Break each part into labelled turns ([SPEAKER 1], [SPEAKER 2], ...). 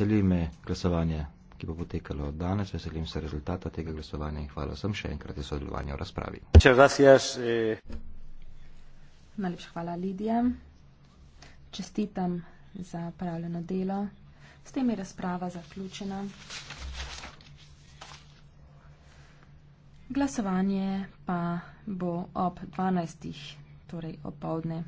[SPEAKER 1] Veseli me glasovanje, ki bo potekalo danes, veselim se rezultata tega glasovanja in hvala vsem še enkrat za sodelovanje v razpravi. Gracias, eh.
[SPEAKER 2] Najlepša hvala, Lidija. Čestitam za pravljeno delo. S tem je razprava zaključena. Glasovanje pa bo ob 12. torej opovdne.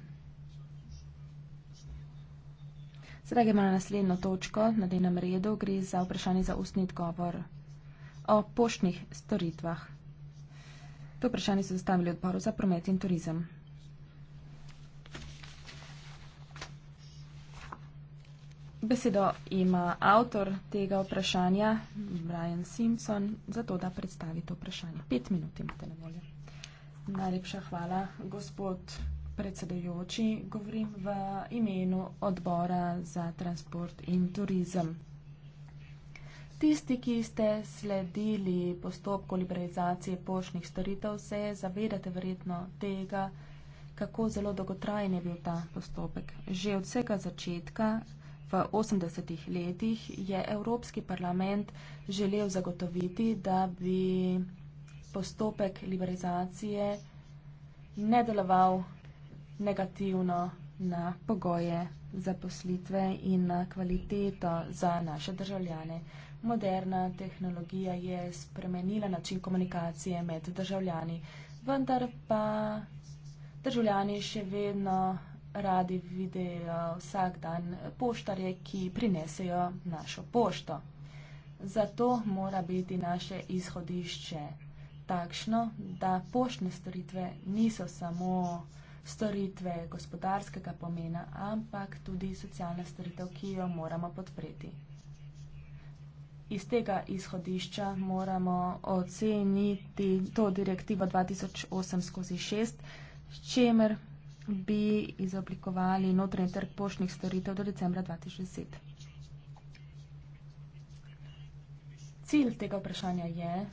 [SPEAKER 2] Sedaj gremo na naslednjo točko na dnevnem redu, gre za vprašanje za ustni odgovor o poštnih storitvah. To vprašanje so zastavili odboru za promet in turizem. Besedo ima avtor tega vprašanja, Brian Simpson, za to, da predstavi to vprašanje. Pet minut imate na voljo. Najlepša hvala, gospod predsedujoči, govorim v imenu odbora za transport in turizem. Tisti, ki ste sledili postopku liberalizacije poštnih storitev, se zavedate verjetno tega, kako zelo dolgotrajen je bil ta postopek. Že od vsega začetka v 80-ih letih je Evropski parlament želel zagotoviti, da bi postopek liberalizacije ne deloval negativno na pogoje zaposlitve in na kvaliteto za naše državljane. Moderna tehnologija je spremenila način komunikacije med državljani, vendar pa državljani še vedno radi vidijo vsak dan poštarje, ki prinesejo našo pošto. Zato mora biti naše izhodišče takšno, da poštne storitve niso samo storitve gospodarskega pomena, ampak tudi socialna storitev, ki jo moramo podpreti. Iz tega izhodišča moramo oceniti to direktivo 2008-6, s čemer bi izoblikovali notranji trg poštnih storitev do decembra 2010. Cilj tega vprašanja je,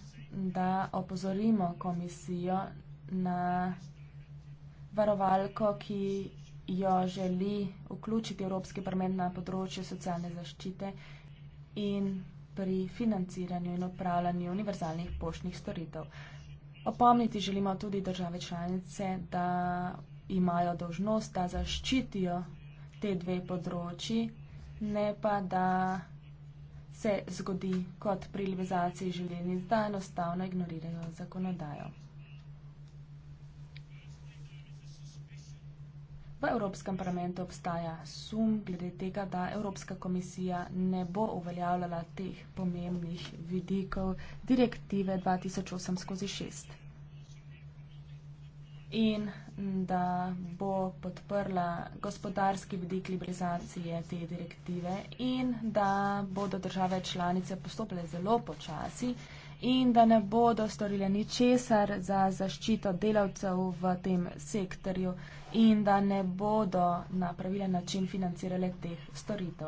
[SPEAKER 2] da opozorimo komisijo na varovalko, ki jo želi vključiti Evropski parlament na področju socialne zaščite in pri financiranju in upravljanju univerzalnih poštnih storitev. Opomniti želimo tudi države članice, da imajo dožnost, da zaščitijo te dve področji, ne pa da se zgodi kot pri liberalizaciji želeni, da enostavno ignorirajo zakonodajo. V Evropskem parlamentu obstaja sum glede tega, da Evropska komisija ne bo uveljavljala teh pomembnih vidikov direktive 2008-6 in da bo podprla gospodarski vidik liberalizacije te direktive in da bodo države članice postopile zelo počasi in da ne bodo storile ničesar za zaščito delavcev v tem sektorju in da ne bodo na pravilen način financirale teh storitev.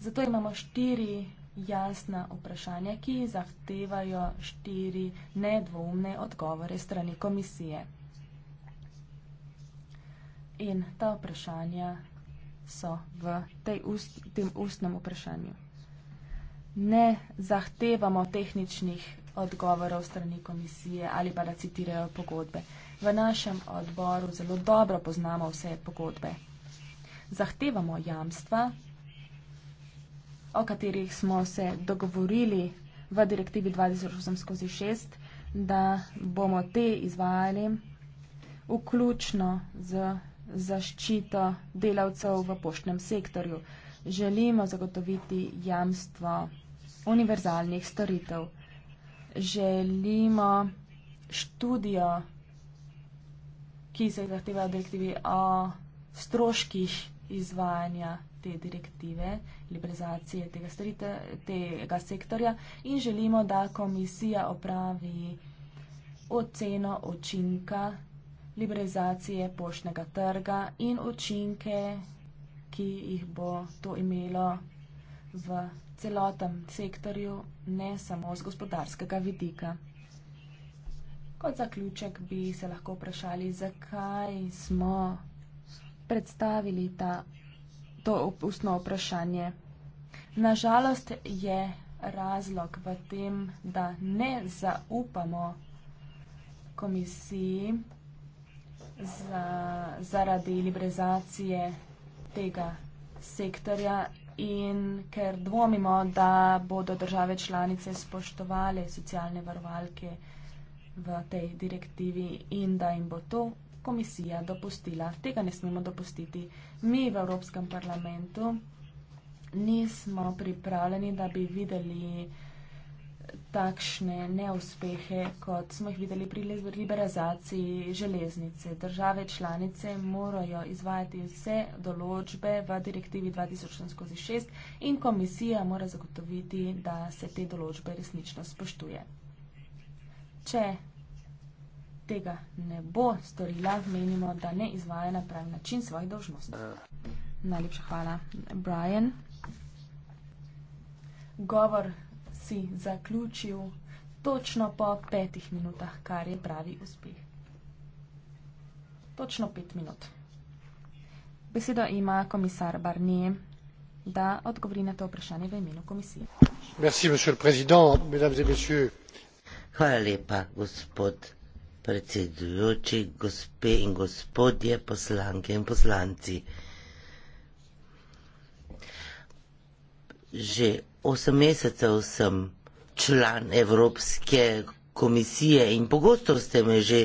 [SPEAKER 2] Zato imamo štiri jasna vprašanja, ki zahtevajo štiri nedvoumne odgovore strani komisije. In ta vprašanja so v tej ust, tem ustnem vprašanju. Ne zahtevamo tehničnih odgovorov strani komisije ali pa da citirajo pogodbe v našem odboru zelo dobro poznamo vse pogodbe. Zahtevamo jamstva, o katerih smo se dogovorili v direktivi 2008-6, da bomo te izvajali vključno z zaščito delavcev v poštnem sektorju. Želimo zagotoviti jamstvo univerzalnih storitev. Želimo študijo ki se jih zahteva v direktivi, o stroških izvajanja te direktive, liberalizacije tega, storite, tega sektorja in želimo, da komisija opravi oceno učinka liberalizacije poštnega trga in učinke, ki jih bo to imelo v celotnem sektorju, ne samo z gospodarskega vidika. Kot zaključek bi se lahko vprašali, zakaj smo predstavili ta, to ustno vprašanje. Nažalost je razlog v tem, da ne zaupamo komisiji za, zaradi liberalizacije tega sektorja in ker dvomimo, da bodo države članice spoštovali socialne varovalke v tej direktivi in da jim bo to komisija dopustila. Tega ne smemo dopustiti. Mi v Evropskem parlamentu nismo pripravljeni, da bi videli takšne neuspehe, kot smo jih videli pri liberalizaciji železnice. Države članice morajo izvajati vse določbe v direktivi 2006 in komisija mora zagotoviti, da se te določbe resnično spoštuje če tega ne bo storila, menimo, da ne izvaja na pravi način svojih dolžnosti. Najlepša hvala, Brian. Govor si zaključil točno po petih minutah, kar je pravi uspeh. Točno pet minut. Besedo ima komisar Barnier, da odgovori na to vprašanje v imenu komisije.
[SPEAKER 3] Merci, monsieur le président, mesdames et messieurs. Hvala lepa, gospod predsedujoči, gospe in gospodje, poslanke in poslanci. Že osem mesecev sem član Evropske komisije in pogosto ste me že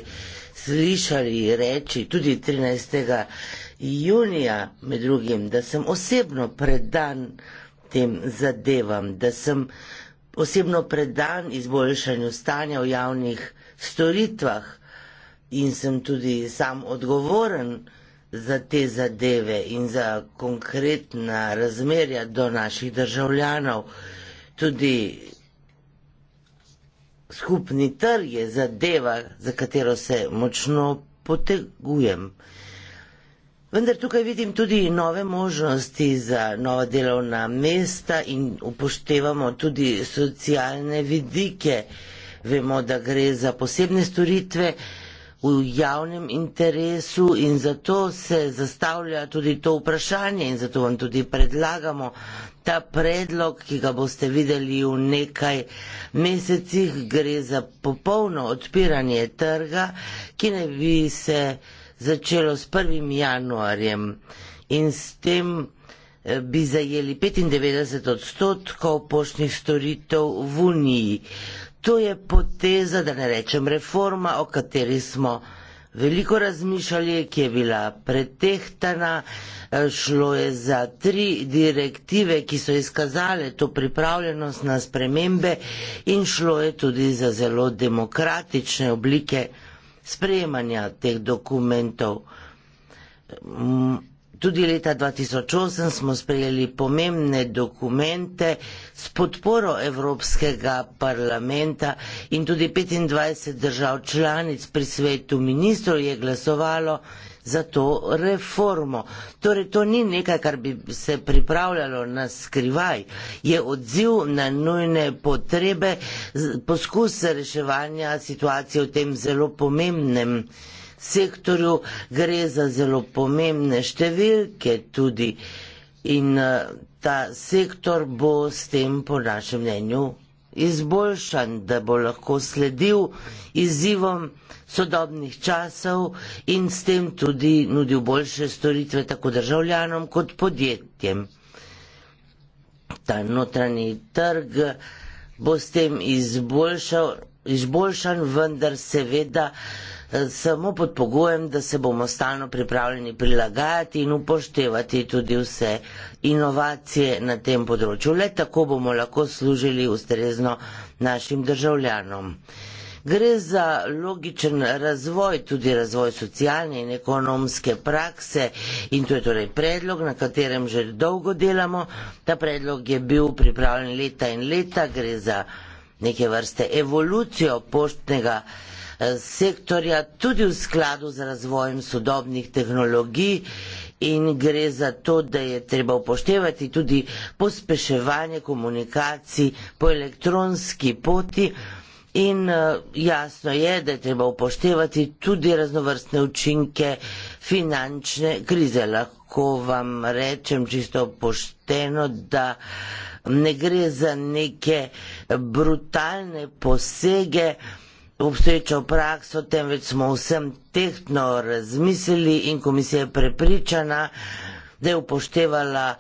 [SPEAKER 3] slišali reči, tudi 13. junija med drugim, da sem osebno predan tem zadevam, da sem posebno predan izboljšanju stanja v javnih storitvah in sem tudi sam odgovoren za te zadeve in za konkretna razmerja do naših državljanov. Tudi skupni trg je zadeva, za katero se močno potegujem. Vendar tukaj vidim tudi nove možnosti za nova delovna mesta in upoštevamo tudi socialne vidike. Vemo, da gre za posebne storitve v javnem interesu in zato se zastavlja tudi to vprašanje in zato vam tudi predlagamo ta predlog, ki ga boste videli v nekaj mesecih, gre za popolno odpiranje trga, ki ne bi se začelo s 1. januarjem in s tem eh, bi zajeli 95 odstotkov poštnih storitev v Uniji. To je poteza, da ne rečem reforma, o kateri smo veliko razmišljali, ki je bila pretehtana. Eh, šlo je za tri direktive, ki so izkazale to pripravljenost na spremembe in šlo je tudi za zelo demokratične oblike sprejemanja teh dokumentov. Mm, tudi leta 2008 smo sprejeli pomembne dokumente s podporo Evropskega parlamenta in tudi 25 držav članic pri svetu ministrov je glasovalo, za to reformo. Torej, to ni nekaj, kar bi se pripravljalo na skrivaj, je odziv na nujne potrebe, poskus reševanja situacije v tem zelo pomembnem sektorju, gre za zelo pomembne številke tudi in eh, ta sektor bo s tem, po našem mnenju, izboljšan, da bo lahko sledil izzivom sodobnih časov in s tem tudi nudil boljše storitve tako državljanom kot podjetjem. Ta notranji trg bo s tem izboljšal, izboljšan, vendar seveda samo pod pogojem, da se bomo stalno pripravljeni prilagajati in upoštevati tudi vse inovacije na tem področju. Le tako bomo lahko služili ustrezno našim državljanom. Gre za logičen razvoj, tudi razvoj socialne in ekonomske prakse in to je torej predlog, na katerem že dolgo delamo. Ta predlog je bil pripravljen leta in leta, gre za neke vrste evolucijo poštnega sektorja, tudi v skladu z razvojem sodobnih tehnologij. In gre za to, da je treba upoštevati tudi pospeševanje komunikacij po elektronski poti. In eh, jasno je, da je treba upoštevati tudi raznovrstne učinke finančne krize. Lahko vam rečem čisto pošteno, da ne gre za neke brutalne posege obstoječo prakso, temveč smo vsem tehtno razmislili in komisija je prepričana, da je upoštevala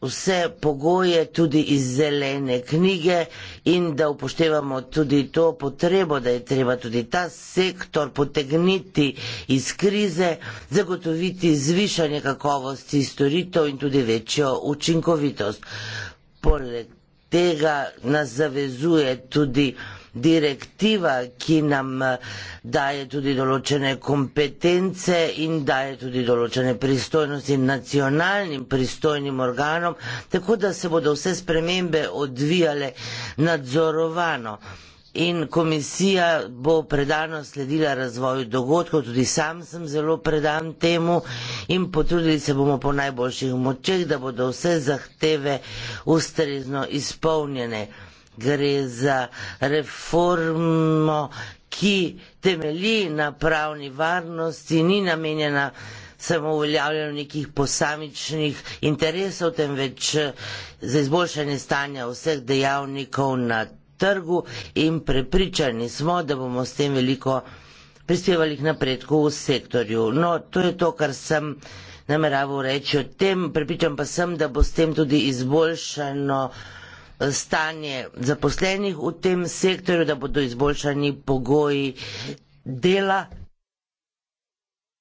[SPEAKER 3] vse pogoje tudi iz zelene knjige in da upoštevamo tudi to potrebo, da je treba tudi ta sektor potegniti iz krize, zagotoviti zvišanje kakovosti storitev in tudi večjo učinkovitost. Poleg tega nas zavezuje tudi direktiva, ki nam eh, daje tudi določene kompetence in daje tudi določene pristojnosti nacionalnim pristojnim organom, tako da se bodo vse spremembe odvijale nadzorovano. In komisija bo predano sledila razvoju dogodkov, tudi sam sem zelo predan temu in potrudili se bomo po najboljših močeh, da bodo vse zahteve ustrezno izpolnjene gre za reformo, ki temelji na pravni varnosti, ni namenjena samo uveljavljanju nekih posamičnih interesov, temveč eh, za izboljšanje stanja vseh dejavnikov na trgu in prepričani smo, da bomo s tem veliko prispevali k napredku v sektorju. No, to je to, kar sem nameraval reči o tem, prepričam pa sem, da bo s tem tudi izboljšano stanje zaposlenih v tem sektorju, da bodo izboljšani pogoji dela.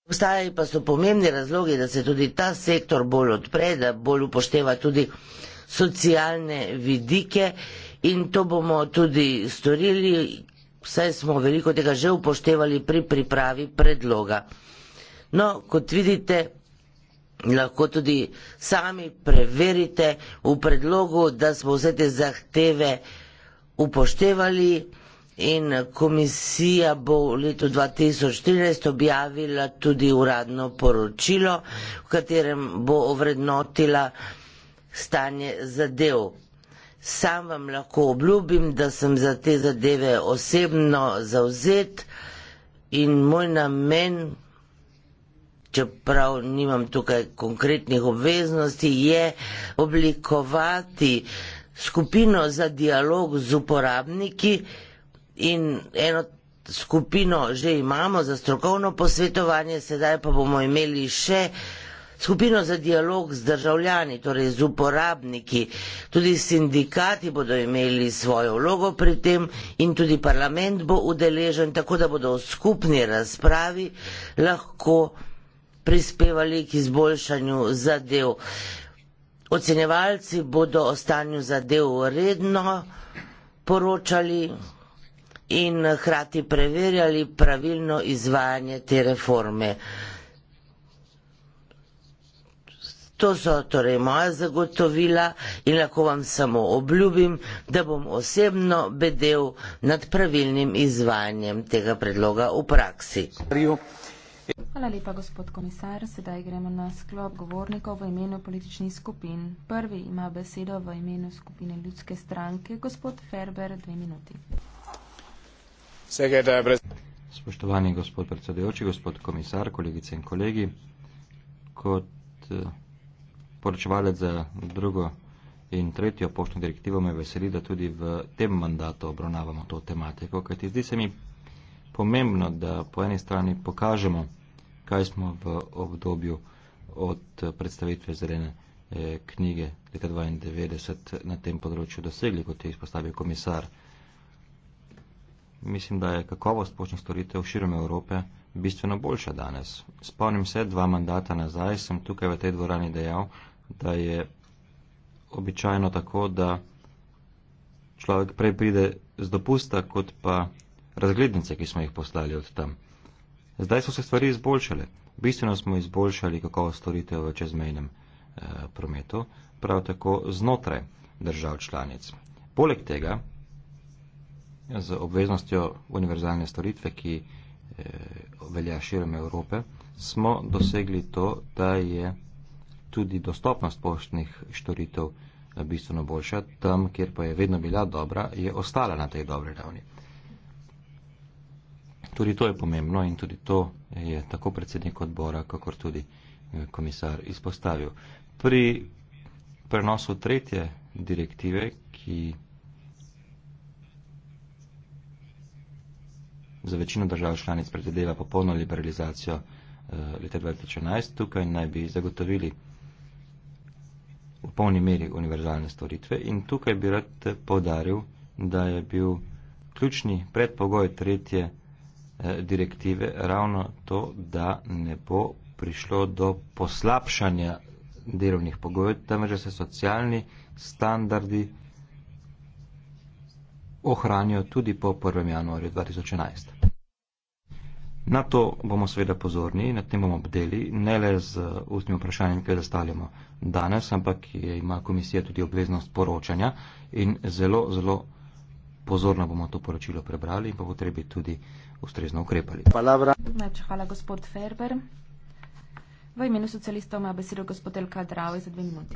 [SPEAKER 3] Obstajajo pa so pomembni razlogi, da se tudi ta sektor bolj odpre, da bolj upošteva tudi socialne vidike in to bomo tudi storili, saj smo veliko tega že upoštevali pri pripravi predloga. No, kot vidite, lahko tudi sami preverite v predlogu, da smo vse te zahteve upoštevali in komisija bo v letu 2013 objavila tudi uradno poročilo, v katerem bo ovrednotila stanje zadev. Sam vam lahko obljubim, da sem za te zadeve osebno zauzet in moj namen čeprav nimam tukaj konkretnih obveznosti, je oblikovati skupino za dialog z uporabniki in eno skupino že imamo za strokovno posvetovanje, sedaj pa bomo imeli še skupino za dialog z državljani, torej z uporabniki. Tudi sindikati bodo imeli svojo vlogo pri tem in tudi parlament bo udeležen, tako da bodo v skupni razpravi lahko prispevali k izboljšanju zadev. Ocenevalci bodo o stanju zadev redno poročali in hkrati preverjali pravilno izvajanje te reforme. To so torej moja zagotovila in lahko vam samo obljubim, da bom osebno bedel nad pravilnim izvajanjem tega predloga v praksi.
[SPEAKER 2] Hvala lepa, gospod komisar. Sedaj gremo na sklop govornikov v imenu političnih skupin. Prvi ima besedo v imenu skupine ljudske stranke, gospod Ferber, dve minuti.
[SPEAKER 1] Spoštovani gospod predsedujoči, gospod komisar, kolegice in kolegi, kot eh, poročevalec za drugo in tretjo poštno direktivo me veseli, da tudi v tem mandatu obravnavamo to tematiko, kajti zdi se mi pomembno, da po eni strani pokažemo, kaj smo v obdobju od predstavitve zelene eh, knjige leta 92 na tem področju dosegli, kot je izpostavil komisar. Mislim, da je kakovost počnih storitev širom Evrope bistveno boljša danes. Spomnim se, dva mandata nazaj sem tukaj v tej dvorani dejal, da je običajno tako, da človek prej pride z dopusta, kot pa razglednice, ki smo jih poslali od tam. Zdaj so se stvari izboljšale. Bistveno smo izboljšali kakovost storitev v čezmejnem eh, prometu, prav tako znotraj držav članic. Poleg tega, z obveznostjo univerzalne storitve, ki eh, velja širom Evrope, smo dosegli to, da je tudi dostopnost poštnih storitev eh, bistveno boljša. Tam, kjer pa je vedno bila dobra, je ostala na tej dobri ravni tudi to je pomembno in tudi to je tako predsednik odbora, kakor tudi eh, komisar izpostavil. Pri prenosu tretje direktive, ki za večino držav članic predvideva popolno liberalizacijo eh, leta 2011, tukaj naj bi zagotovili v polni meri univerzalne storitve in tukaj bi rad povdaril, da je bil ključni predpogoj tretje direktive, Eh, direktive ravno to, da ne bo prišlo do poslabšanja delovnih pogojev, tam že se socialni standardi ohranijo tudi po 1. januarju 2011. Na to bomo seveda pozorni, na tem bomo obdeli, ne le z ustnim vprašanjem, ki ga zastavljamo danes, ampak ima komisija tudi obveznost poročanja in zelo, zelo pozorno bomo to poročilo prebrali in pa potrebi tudi uh, ustrezno ukrepali.
[SPEAKER 2] Hvala, gospod Ferber. V imenu socialistov ima besedo gospod El Kadrao za dve minuti.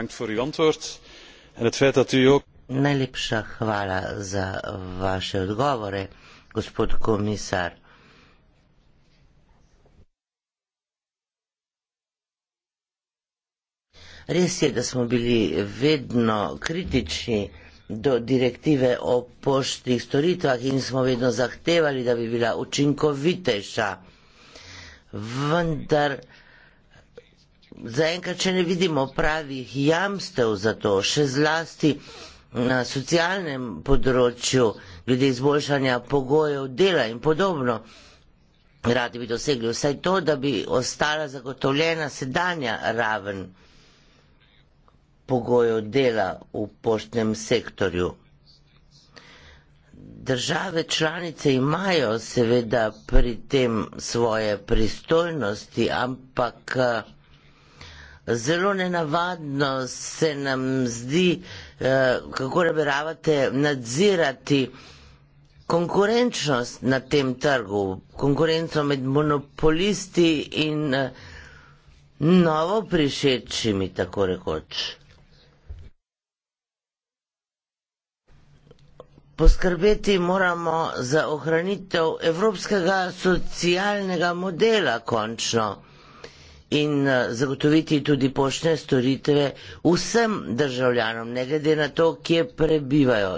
[SPEAKER 3] Najlepša hvala za vaše odgovore, gospod komisar. Res je, da smo bili vedno kritični do direktive o poštnih storitvah in smo vedno zahtevali, da bi bila učinkovitejša. Vendar zaenkrat, če ne vidimo pravih jamstev za to, še zlasti na socialnem področju, glede izboljšanja pogojev dela in podobno, radi bi dosegli vsaj to, da bi ostala zagotovljena sedanja raven pogojev dela v poštnem sektorju. Države članice imajo seveda pri tem svoje pristojnosti, ampak eh, zelo nenavadno se nam zdi, eh, kako nameravate nadzirati konkurenčnost na tem trgu, konkurenco med monopolisti in eh, novo prišečimi, tako rekoč. Poskrbeti moramo za ohranitev evropskega socialnega modela končno in eh, zagotoviti tudi poštne storitve vsem državljanom, ne glede na to, kje prebivajo.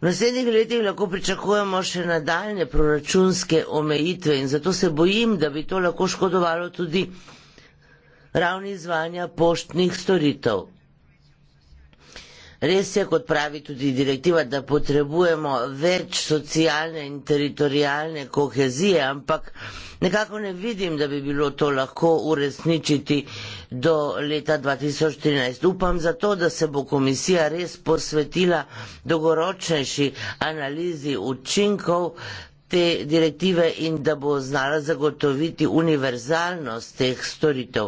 [SPEAKER 3] V naslednjih letih lahko pričakujemo še nadaljne proračunske omejitve in zato se bojim, da bi to lahko škodovalo tudi ravni izvanja poštnih storitev. Res je, kot pravi tudi direktiva, da potrebujemo več socialne in teritorijalne kohezije, ampak nekako ne vidim, da bi bilo to lahko uresničiti do leta 2013. Upam zato, da se bo komisija res posvetila dogoročnejši analizi učinkov te direktive in da bo znala zagotoviti univerzalnost teh storitev.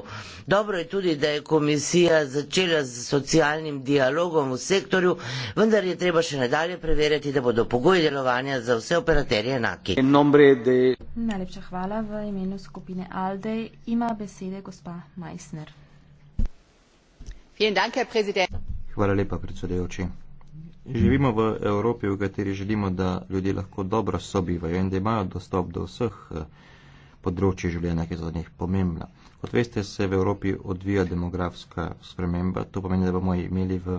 [SPEAKER 3] Dobro je tudi, da je komisija začela z socialnim dialogom v sektorju, vendar je treba še nadalje preverjati, da bodo pogoji delovanja za vse operaterje enaki. De...
[SPEAKER 2] Najlepša hvala v imenu skupine Alde. Ima besede gospa Meissner.
[SPEAKER 1] Hvala lepa, predsedujoči. Živimo v Evropi, v kateri želimo, da ljudje lahko dobro sobivajo in da imajo dostop do vseh eh, področji življenja, ki je za njih pomembna. Kot veste, se v Evropi odvija demografska sprememba. To pomeni, da bomo imeli v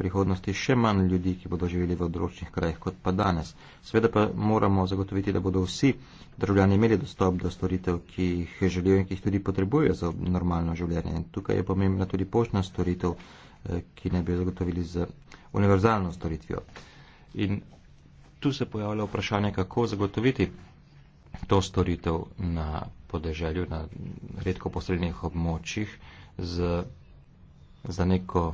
[SPEAKER 1] prihodnosti še manj ljudi, ki bodo živeli v odročnih krajih kot pa danes. Sveda pa moramo zagotoviti, da bodo vsi državljani imeli dostop do storitev, ki jih želijo in ki jih tudi potrebujejo za normalno življenje. In tukaj je pomembna tudi poštna storitev, Eh, ki ne bi zagotovili z univerzalno storitvijo. In tu se pojavlja vprašanje, kako zagotoviti to storitev na podeželju, na redko posrednjih območjih z, za neko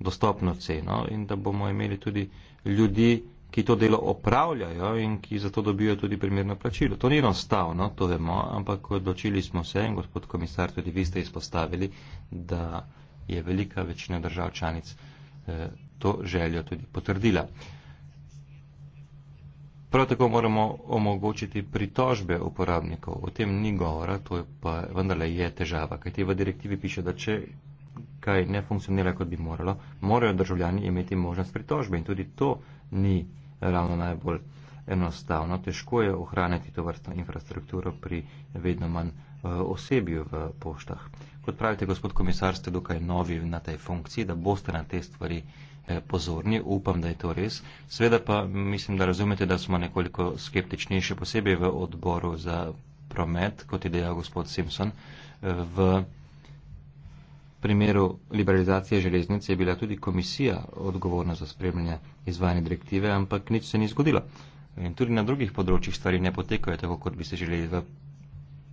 [SPEAKER 1] dostopno ceno in da bomo imeli tudi ljudi, ki to delo opravljajo in ki za to dobijo tudi primerno plačilo. To ni enostavno, to vemo, ampak odločili smo se in gospod komisar, tudi vi ste izpostavili, da je velika večina držav članic eh, to željo tudi potrdila. Prav tako moramo omogočiti pritožbe uporabnikov. O tem ni govora, to je pa vendarle je težava, kajti v direktivi piše, da če kaj ne funkcionira, kot bi moralo, morajo državljani imeti možnost pritožbe in tudi to ni ravno najbolj enostavno. Težko je ohraniti to vrstno infrastrukturo pri vedno manj eh, osebju v poštah. Kot pravite, gospod komisar, ste dokaj novi na tej funkciji, da boste na te stvari eh, pozorni, upam, da je to res. Sveda pa mislim, da razumete, da smo nekoliko skeptični, še posebej v odboru za promet, kot je dejal gospod Simpson. Eh, v primeru liberalizacije železnice je bila tudi komisija odgovorna za spremljanje izvajanja direktive, ampak nič se ni zgodilo. In tudi na drugih področjih stvari ne potekajo tako, kot bi se želeli. V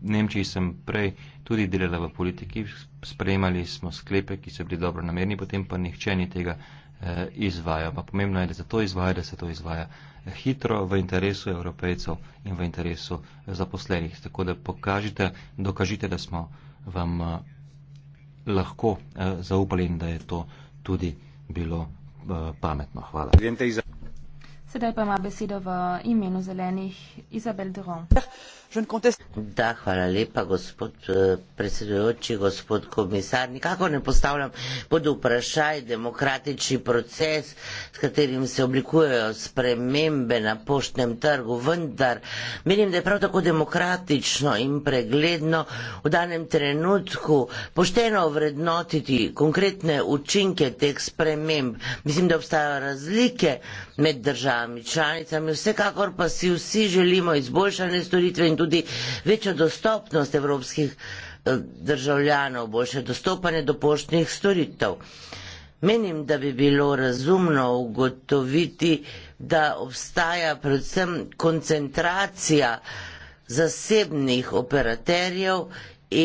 [SPEAKER 1] V Nemčiji sem prej tudi delala v politiki, sprejemali smo sklepe, ki so bili dobro namerni, potem pa nihče ni tega eh, izvajal. Pa pomembno je, da se to izvaja, da se to izvaja eh, hitro v interesu evropejcev in v interesu eh, zaposlenih. Tako da pokažite, dokažite, da smo vam eh, lahko eh, zaupali in da je to tudi bilo
[SPEAKER 3] eh, pametno. Hvala.
[SPEAKER 2] Sedaj pa ima besedo v imenu zelenih Izabel Drom.
[SPEAKER 3] Je ne conteste. Da, hvala lepa, gospod uh, predsedujoči, gospod komisar. Nikako ne postavljam pod vprašaj demokratični proces, s katerim se oblikujejo spremembe na poštnem trgu, vendar menim, da je prav tako demokratično in pregledno v danem trenutku pošteno vrednotiti konkretne učinke teh sprememb. Mislim, da obstajajo razlike med državami članicami, vsekakor pa si vsi želimo izboljšanje storitve in tudi večjo dostopnost evropskih eh, državljanov, boljše dostopanje do poštnih storitev. Menim, da bi bilo razumno ugotoviti, da obstaja predvsem koncentracija zasebnih operaterjev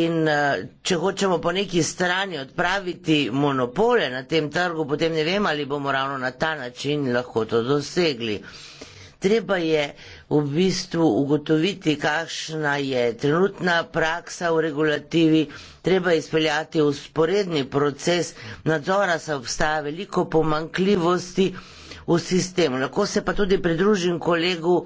[SPEAKER 3] in eh, če hočemo po neki strani odpraviti monopole na tem trgu, potem ne vem, ali bomo ravno na ta način lahko to dosegli treba je v bistvu ugotoviti, kakšna je trenutna praksa v regulativi, treba izpeljati usporedni proces nadzora, se obstaja veliko pomankljivosti v sistemu. Lahko se pa tudi pridružim kolegu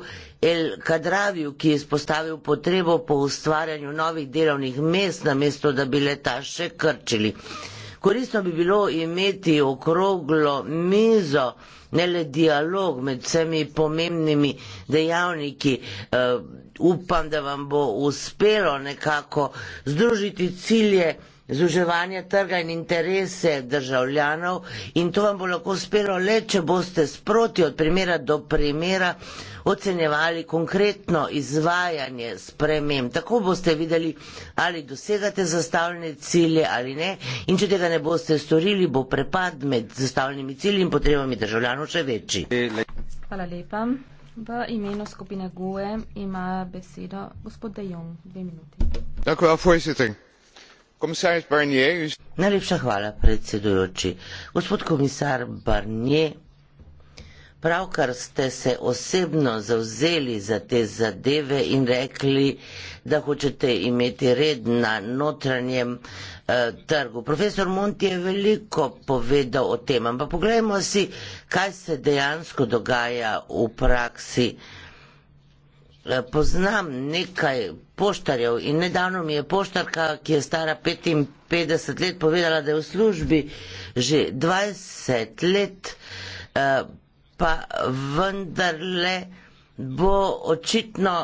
[SPEAKER 3] El Kadraviju, ki je izpostavil potrebo po ustvarjanju novih delovnih mest, namesto da bi leta še krčili. Koristno bi bilo imeti okroglo mizo, ne le dialog med vsemi pomembnimi dejavniki. Uh, upam, da vam bo uspelo nekako združiti cilje zuževanje trga in interese državljanov in to vam bo lahko uspelo le, če boste sproti od primera do primera ocenjevali konkretno izvajanje sprememb. Tako boste videli, ali dosegate zastavljene cilje ali ne in če tega ne boste storili, bo prepad med zastavljenimi cilji in potrebami državljanov še večji.
[SPEAKER 2] Hvala lepa. V imenu skupine GUE ima besedo gospod Dejong. Dve minuti.
[SPEAKER 3] Tako je, Komisarič Barnier. Najlepša hvala, predsedujoči. Gospod komisar Barnier, pravkar ste se osebno zavzeli za te zadeve in rekli, da hočete imeti red na notranjem eh, trgu. Profesor Monti je veliko povedal o tem, ampak poglejmo si, kaj se dejansko dogaja v praksi. Eh, poznam nekaj poštarjev in nedavno mi je poštarka, ki je stara 55 let, povedala, da je v službi že 20 let, eh, pa vendarle bo očitno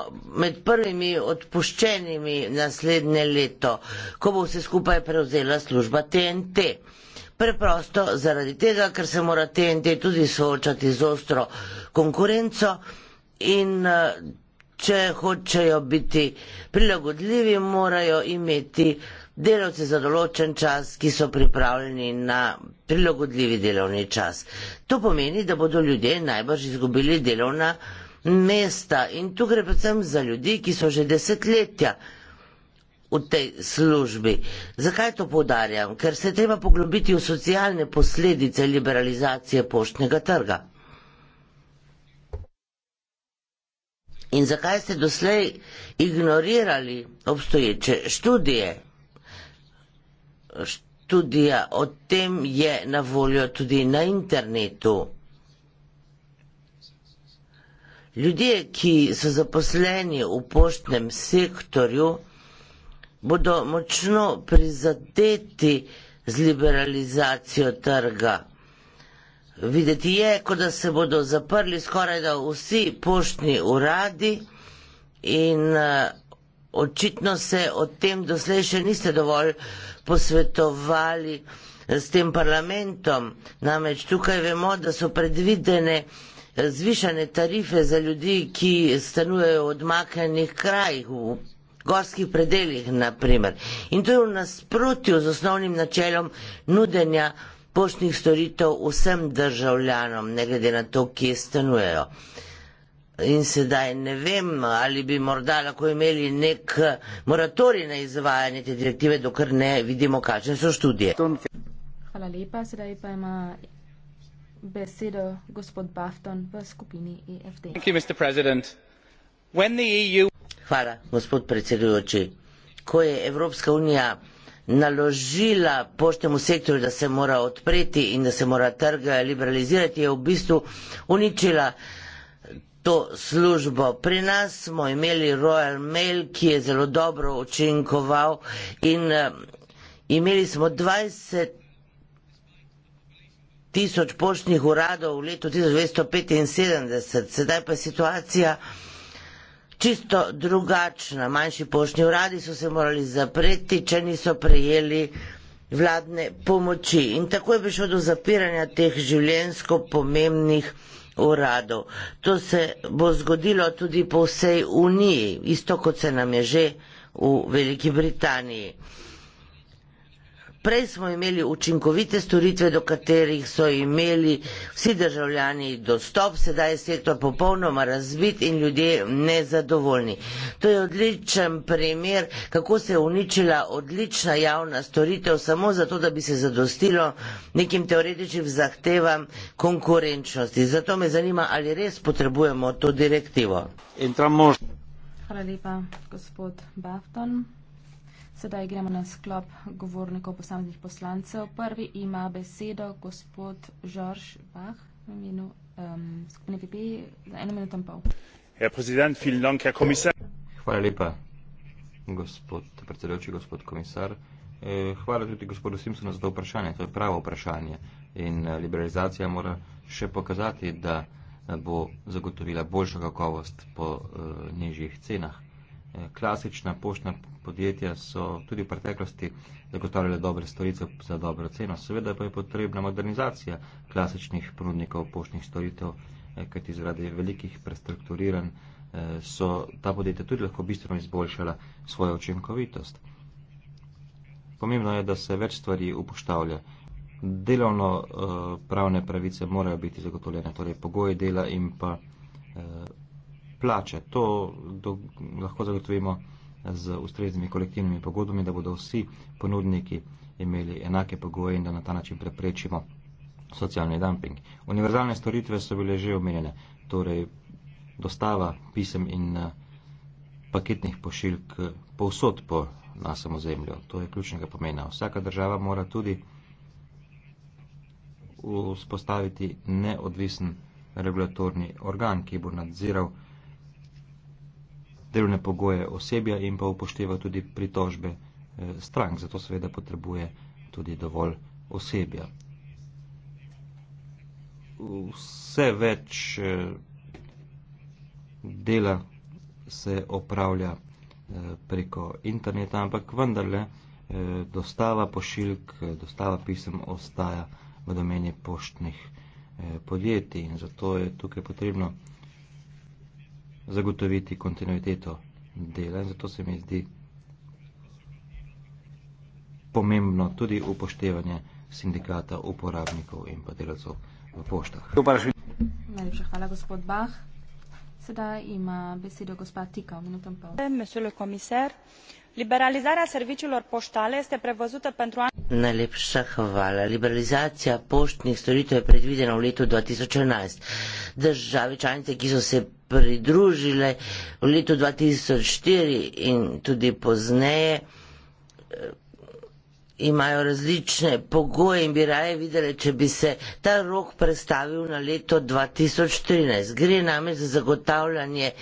[SPEAKER 3] med prvimi odpuščenimi naslednje leto, ko bo vse skupaj prevzela služba TNT. Preprosto zaradi tega, ker se mora TNT tudi soočati z ostro konkurenco in eh, če hočejo biti prilagodljivi, morajo imeti delavce za določen čas, ki so pripravljeni na prilagodljivi delovni čas. To pomeni, da bodo ljudje najbrž izgubili delovna mesta in tu gre predvsem za ljudi, ki so že desetletja v tej službi. Zakaj to poudarjam? Ker se treba poglobiti v socialne posledice liberalizacije poštnega trga. in zakaj ste doslej ignorirali obstoječe študije. Študija o tem je na voljo tudi na internetu. Ljudje, ki so zaposleni v poštnem sektorju, bodo močno prizadeti z liberalizacijo trga. Videti je, kot da se bodo zaprli skoraj da vsi poštni uradi in uh, očitno se o tem doslej še niste dovolj posvetovali eh, s tem parlamentom. Namreč tukaj vemo, da so predvidene eh, zvišane tarife za ljudi, ki stanujejo v odmaknenih krajih, v gorskih predeljih naprimer. In to je v nasprotju z osnovnim načelom nudenja poštnih storitev vsem državljanom, ne glede na to, kje stanujejo. In sedaj ne vem, ali bi morda lahko imeli nek moratorij na izvajanje te direktive, dokler ne vidimo, kakšne so študije.
[SPEAKER 2] Hvala lepa. Sedaj pa ima besedo gospod Bafton v skupini EFD.
[SPEAKER 3] E Hvala, gospod predsedujoči. Ko je Evropska unija naložila poštemu sektorju, da se mora odpreti in da se mora trg liberalizirati, je v bistvu uničila to službo. Pri nas smo imeli Royal Mail, ki je zelo dobro učinkoval in eh, imeli smo 20 tisoč poštnih uradov v letu 1975, sedaj pa je situacija čisto drugačna. Manjši poštni uradi so se morali zapreti, če niso prejeli vladne pomoči. In tako je prišlo do zapiranja teh življensko pomembnih uradov. To se bo zgodilo tudi po vsej Uniji, isto kot se nam je že v Veliki Britaniji. Prej smo imeli učinkovite storitve, do katerih so imeli vsi državljani dostop, sedaj je sektor popolnoma razbit in ljudje nezadovoljni. To je odličen primer, kako se je uničila odlična javna storitev samo zato, da bi se zadostilo nekim teoretičnim zahtevam konkurenčnosti. Zato me zanima, ali res potrebujemo to direktivo.
[SPEAKER 2] Hvala lepa, gospod Bafton. Sedaj gremo na sklop govornikov posameznih poslancev. Prvi ima besedo gospod Žorž Bach v imenu um, skupine PP e za eno minuto in pol.
[SPEAKER 1] Hvala lepa, gospod predsedujoči, gospod komisar. E, hvala tudi gospodu Simpsonu za to vprašanje. To je pravo vprašanje. In e, liberalizacija mora še pokazati, da bo zagotovila boljšo kakovost po nižjih cenah. Eh, klasična poštna podjetja so tudi v preteklosti zagotavljale dobre storitve za dobro ceno. Seveda pa je potrebna modernizacija klasičnih ponudnikov poštnih storitev, eh, kajti zaradi velikih prestrukturiranj eh, so ta podjetja tudi lahko bistveno izboljšala svojo učinkovitost. Pomembno je, da se več stvari upoštavlja. Delovno pravne pravice morajo biti zagotovljene, torej pogoje dela in pa plače. To do, lahko zagotovimo z ustreznimi kolektivnimi pogodbami, da bodo vsi ponudniki imeli enake pogoje in da na ta način preprečimo socialni dumping. Univerzalne storitve so bile že omenjene, torej dostava pisem in eh, paketnih pošiljk eh, povsod po našem ozemlju. To je ključnega pomena. Vsaka država mora tudi vzpostaviti neodvisen regulatorni organ, ki bo nadziral delovne pogoje osebja in pa upošteva tudi pritožbe eh, strank, zato seveda potrebuje tudi dovolj osebja. Vse več eh, dela se opravlja eh, preko interneta, ampak vendarle dostava pošiljk, dostava pisem ostaja v domeni poštnih podjetij in zato je tukaj potrebno zagotoviti kontinuiteto dela in zato se mi zdi pomembno tudi upoštevanje sindikata uporabnikov in pa delavcev v poštah.
[SPEAKER 2] Najlepša hvala, gospod Bah. Sedaj ima besedo gospod Tika, minuto in pol. Monsieur le commissaire, liberalizarea serviciilor poștale este
[SPEAKER 4] prevăzută pentru anul.
[SPEAKER 3] Najlepša hvala. Liberalizacija poštnih storitev je predvidena v letu 2011. Države članice, ki so se pridružile v letu 2004 in tudi pozneje, imajo e različne pogoje in bi raje videli, če bi se ta rok prestavil na leto 2013. Gre namreč za zagotavljanje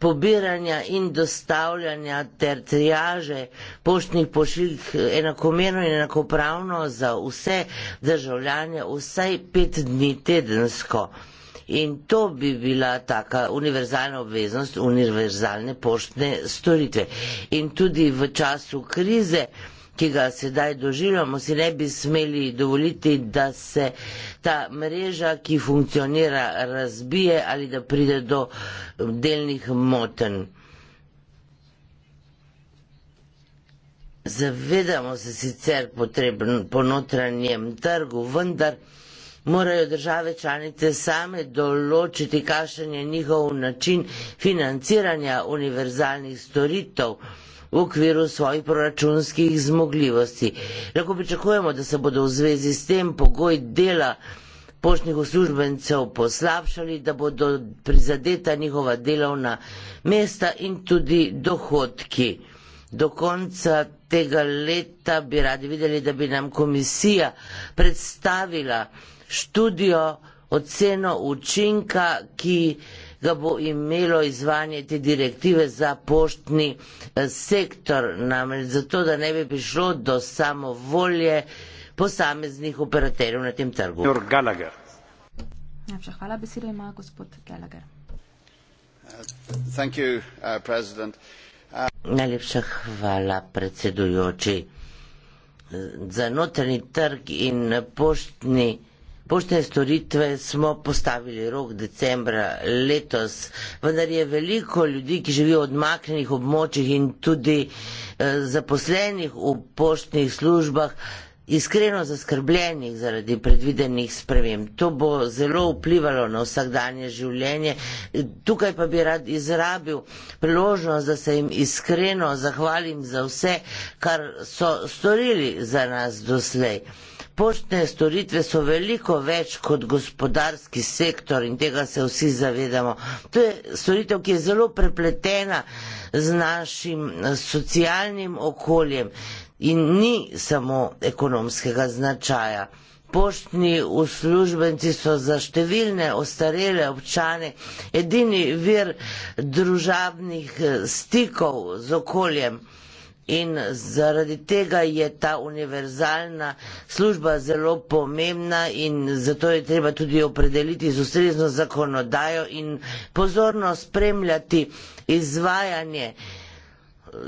[SPEAKER 3] pobiranja in dostavljanja ter trijaže poštnih pošiljk enakomerno in enakopravno za vse državljanje vsaj pet dni tedensko. In to bi bila taka univerzalna obveznost, univerzalne poštne storitve. In tudi v času krize ki ga sedaj doživljamo, si ne bi smeli dovoliti, da se ta mreža, ki funkcionira, razbije ali da pride do delnih moten. Zavedamo se sicer potreben po notranjem trgu, vendar morajo države članice same določiti, kakšen je njihov način financiranja univerzalnih storitev v okviru svojih proračunskih zmogljivosti. Lahko pričakujemo, da se bodo v zvezi s tem pogoj dela poštnih uslužbencev poslabšali, da bodo prizadeta njihova delovna mesta in tudi dohodki. Do konca tega leta bi radi videli, da bi nam komisija predstavila študijo, oceno učinka, ki ga bo imelo izvanje te direktive za poštni eh, sektor, namreč zato, da ne bi prišlo do samovolje posameznih operaterjev na tem trgu.
[SPEAKER 2] Najprej hvala, besedo ima gospod
[SPEAKER 3] Gallagher. Uh, thank you,
[SPEAKER 4] uh,
[SPEAKER 3] uh, Najlepša hvala, predsedujoči. Za notrni trg in poštni sektor Poštne storitve smo postavili rok decembra letos, vendar je veliko ljudi, ki živijo v odmaknjenih območjih in tudi eh, zaposlenih v poštnih službah, iskreno zaskrbljenih zaradi predvidenih sprememb. To bo zelo vplivalo na vsakdanje življenje. Tukaj pa bi rad izrabil priložnost, da se jim iskreno zahvalim za vse, kar so storili za nas doslej poštne storitve so veliko več kot gospodarski sektor in tega se vsi zavedamo. To je storitev, ki je zelo prepletena z našim eh, socialnim okoljem in ni samo ekonomskega značaja. Poštni uslužbenci so za številne ostarele občane edini vir družabnih eh, stikov z okoljem. In zaradi tega je ta univerzalna služba zelo pomembna in zato je treba tudi opredeliti z ustrezno zakonodajo in pozorno spremljati izvajanje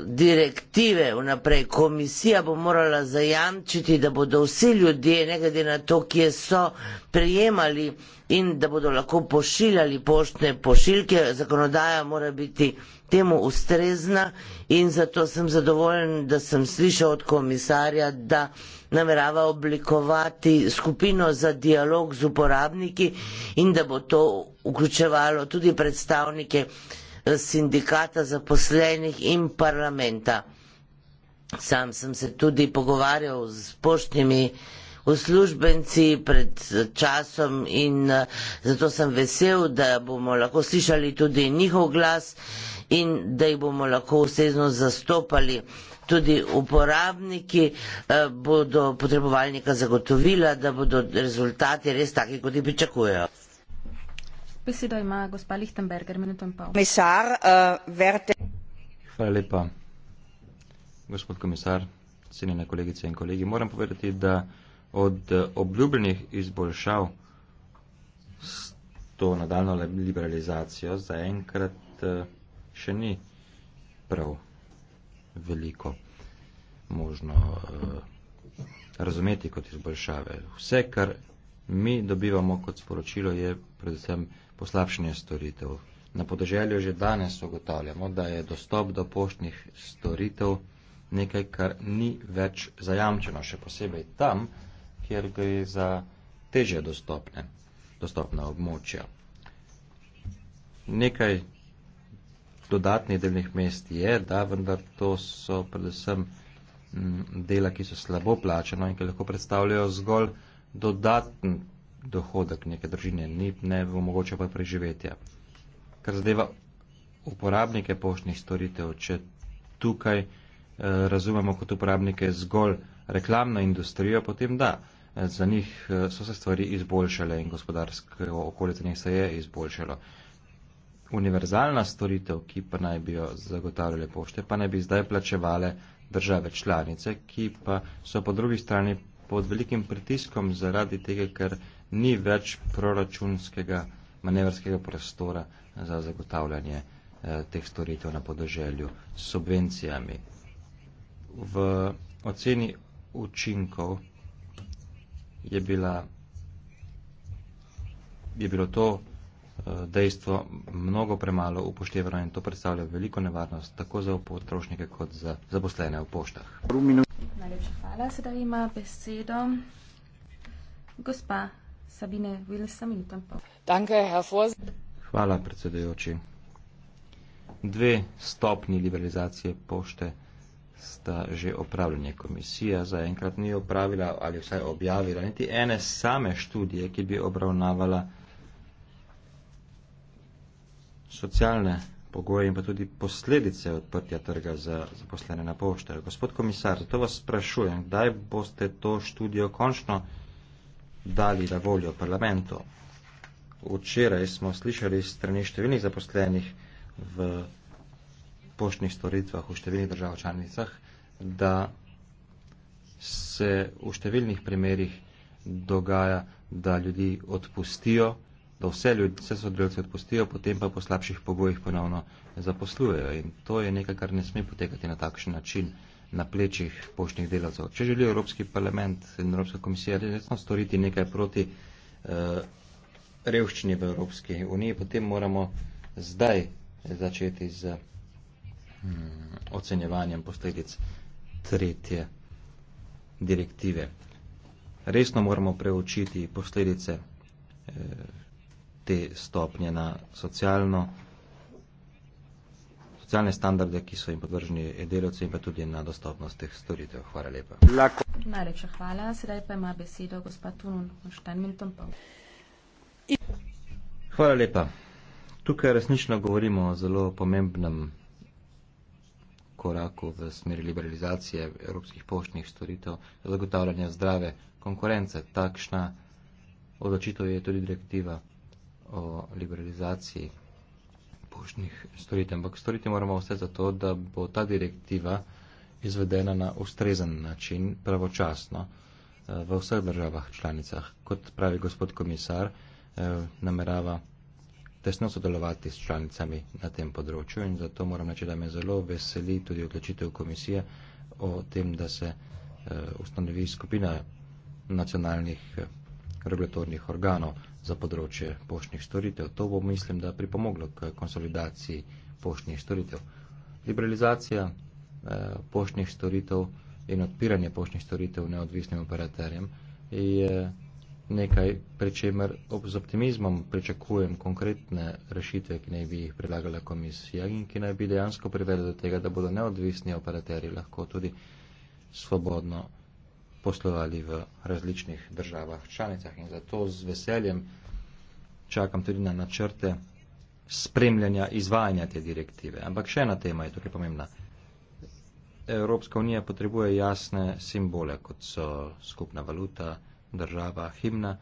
[SPEAKER 3] direktive vnaprej. Komisija bo morala zajamčiti, da bodo vsi ljudje, ne glede na to, kje so, prijemali in da bodo lahko pošiljali poštne pošiljke. Zakonodaja mora biti temu ustrezna in zato sem zadovoljen, da sem slišal od komisarja, da namerava oblikovati skupino za dialog z uporabniki in da bo to vključevalo tudi predstavnike eh, sindikata zaposlenih in parlamenta. Sam sem se tudi pogovarjal s poštnimi uslužbenci pred časom in eh, zato sem vesel, da bomo lahko slišali tudi njihov glas in da jih bomo lahko ustrezno zastopali. Tudi uporabniki eh, bodo potrebovali neka zagotovila, da bodo rezultati res taki, kot jih pričakujejo.
[SPEAKER 2] Besedo ima gospa Lichtenberger, minuto in pol.
[SPEAKER 3] Komisar, uh, verte.
[SPEAKER 1] Hvala lepa. Gospod komisar, cenjene kolegice in kolegi, moram povedati, da od eh, obljubljenih izboljšav s to nadaljno liberalizacijo zaenkrat. Uh, še ni prav veliko možno uh, razumeti kot izboljšave. Vse, kar mi dobivamo kot sporočilo, je predvsem poslabšanje storitev. Na podeželju že danes ugotavljamo, da je dostop do poštnih storitev nekaj, kar ni več zajamčeno, še posebej tam, kjer gre za težje dostopne, dostopna območja. Nekaj dodatnih delnih mest je, da vendar to so predvsem mm, dela, ki so slabo plačeno in ki lahko predstavljajo zgolj dodatni dohodek neke držine, ni ne bo mogoče pa preživetja. Kar zadeva uporabnike poštnih storitev, če tukaj eh, razumemo kot uporabnike zgolj reklamno industrijo, potem da, eh, za njih eh, so se stvari izboljšale in gospodarsko okolje za njih se je izboljšalo. Eh, univerzalna storitev, ki pa naj bi jo zagotavljale pošte, pa naj bi zdaj plačevale države članice, ki pa so po drugi strani pod velikim pritiskom zaradi tega, ker ni več proračunskega manevrskega prostora za zagotavljanje eh, teh storitev na podeželju s subvencijami. V oceni učinkov je, bila, je bilo to dejstvo mnogo premalo upoštevano in to predstavlja veliko nevarnost tako za potrošnike kot za zaposlene v poštah.
[SPEAKER 2] Najlepša hvala, sedaj ima besedo gospa Sabine Wilson.
[SPEAKER 1] Hvala, predsedujoči. Dve stopni liberalizacije pošte sta že opravljene. Komisija zaenkrat ni opravila ali vsaj objavila niti ene same študije, ki bi obravnavala socialne pogoje in pa tudi posledice odprtja trga za zaposlene na poštarju. Gospod komisar, zato vas sprašujem, kdaj boste to študijo končno dali na voljo parlamentu? Včeraj smo slišali strani številnih zaposlenih v poštnih storitvah v številnih držav članicah, da se v številnih primerjih dogaja, da ljudi odpustijo da vse, ljud, vse sodelavce odpustijo, potem pa po slabših pogojih ponovno zaposlujejo. In to je nekaj, kar ne sme potekati na takšen način na plečih poštnih delavcev. Če želi Evropski parlament in Evropska komisija resno storiti nekaj proti uh, revščini v Evropski uniji, potem moramo zdaj začeti z um, ocenjevanjem posledic tretje direktive. Resno moramo preučiti posledice uh, te stopnje na socialno, socialne standarde, ki so jim podvrženi delavci in pa tudi na dostopnost teh storitev. Hvala lepa. Lako.
[SPEAKER 2] Najlepša hvala. Sedaj pa ima besedo gospa Tunun Štenminton.
[SPEAKER 1] Hvala lepa. Tukaj resnično govorimo o zelo pomembnem koraku v smeri liberalizacije evropskih poštnih storitev, zagotavljanja zdrave konkurence. Takšna odločitev je tudi direktiva 2014-2020 o liberalizaciji poštnih storitev, ampak storiti moramo vse zato, da bo ta direktiva izvedena na ustrezen način, pravočasno, eh, v vseh državah članicah. Kot pravi gospod komisar, eh, namerava tesno sodelovati s članicami na tem področju in zato moram reči, da me zelo veseli tudi odločitev komisije o tem, da se eh, ustanovi skupina nacionalnih regulatornih organov za področje poštnih storitev. To bo, mislim, da pripomoglo k konsolidaciji poštnih storitev. Liberalizacija eh, poštnih storitev in odpiranje poštnih storitev neodvisnim operaterjem je nekaj, pri čemer ob z optimizmom pričakujem konkretne rešitve, ki naj bi jih predlagala komisija in ki naj bi dejansko privedla do tega, da bodo neodvisni operaterji lahko tudi svobodno poslovali v različnih državah članicah in zato z veseljem čakam tudi na načrte spremljanja izvajanja te direktive. Ampak še ena tema je tukaj pomembna. Evropska unija potrebuje jasne simbole, kot so skupna valuta, država, himna.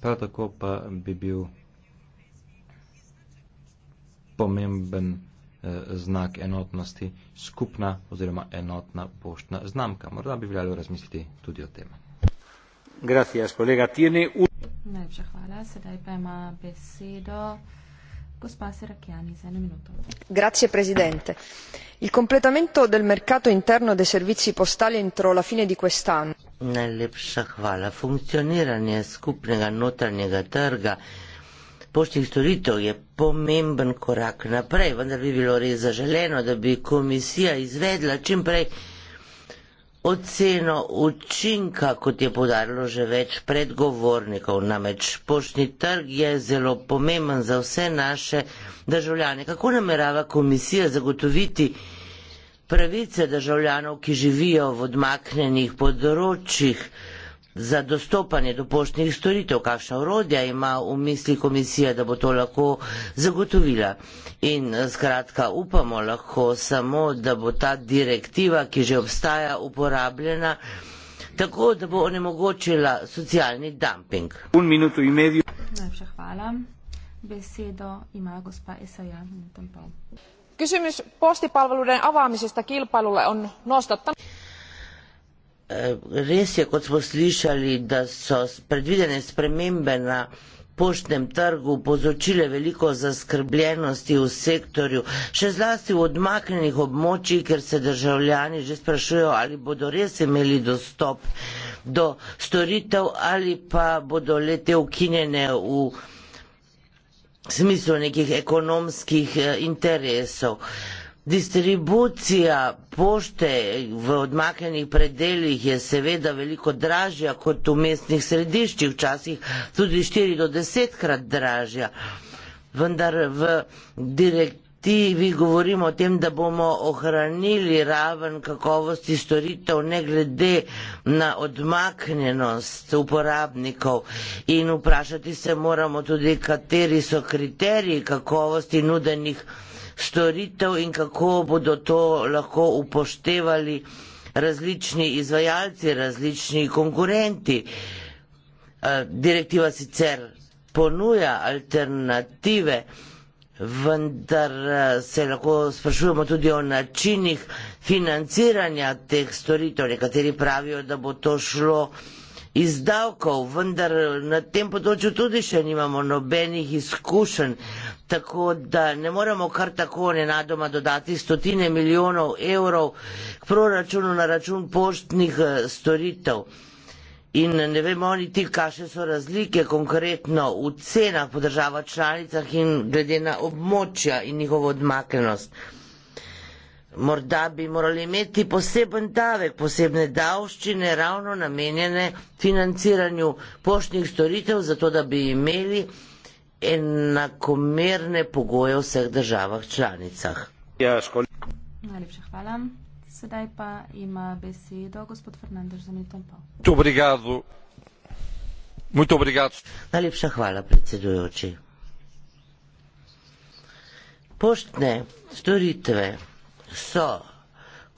[SPEAKER 1] Prav tako pa bi bil pomemben Eh, znak enotnosti, skupna oziroma enotna poštna znamka. Morda bi veljalo razmisliti tudi o tem. Gracias, kolega Tirni. U... Najlepša
[SPEAKER 2] hvala. Sedaj pa ima besedo gospa Serakjani za eno minuto. Grazie, presidente. Il completamento del mercato interno dei servizi postali entro la fine di quest'anno.
[SPEAKER 3] Najlepša hvala. Funkcioniranje skupnega notranjega trga poštnih storitev je pomemben korak naprej, vendar bi bilo res zaželeno, da bi komisija izvedla čimprej oceno učinka, kot je podarilo že več predgovornikov. Namreč poštni trg je zelo pomemben za vse naše državljane. Kako namerava komisija zagotoviti pravice državljanov, ki živijo v odmaknenih področjih? za dostopanje do poštnih storitev, kakšna urodja ima v misli komisija, da bo to lahko zagotovila. In eh, skratka, upamo lahko samo, da bo ta direktiva, ki že obstaja, uporabljena tako, da bo onemogočila socialni dumping.
[SPEAKER 1] Najlepša
[SPEAKER 2] hvala. Besedo ima gospa Esaja. Kysymys
[SPEAKER 4] postipalveluiden avaamisesta kilpailulle on nostattanut.
[SPEAKER 3] Eh, res je, kot smo slišali, da so predvidene spremembe na poštnem trgu povzročile veliko zaskrbljenosti v sektorju, še zlasti v odmaknjenih območjih, ker se državljani že sprašujejo, ali bodo res imeli dostop do storitev ali pa bodo lete ukinjene v smislu nekih ekonomskih eh, interesov. Distribucija pošte v odmaknjenih predeljih je seveda veliko dražja kot v mestnih središčih, včasih tudi 4 do 10 krat dražja. Vendar v direktivi govorimo o tem, da bomo ohranili raven kakovosti storitev ne glede na odmaknjenost uporabnikov in vprašati se moramo tudi, kateri so kriteriji kakovosti nudenih storitev storitev in kako bodo to lahko upoštevali različni izvajalci, različni konkurenti. Direktiva sicer ponuja alternative, vendar se lahko sprašujemo tudi o načinih financiranja teh storitev. Nekateri pravijo, da bo to šlo iz davkov, vendar na tem področju tudi še nimamo nobenih izkušenj, tako da ne moramo kar tako nenadoma dodati stotine milijonov evrov k proračunu na račun poštnih eh, storitev. In ne vemo oni ti, kakšne so razlike konkretno v cenah po državah članicah in glede na območja in njihovo odmaknjenost morda bi morali imeti poseben davek, posebne davščine, ravno namenjene financiranju poštnih storitev, zato da bi imeli enakomerne pogoje v vseh državah članicah. Ja,
[SPEAKER 2] Najlepša hvala. Sedaj pa ima besedo gospod Fernandez za minuto in pol.
[SPEAKER 3] Najlepša hvala, predsedujoči. Poštne storitve so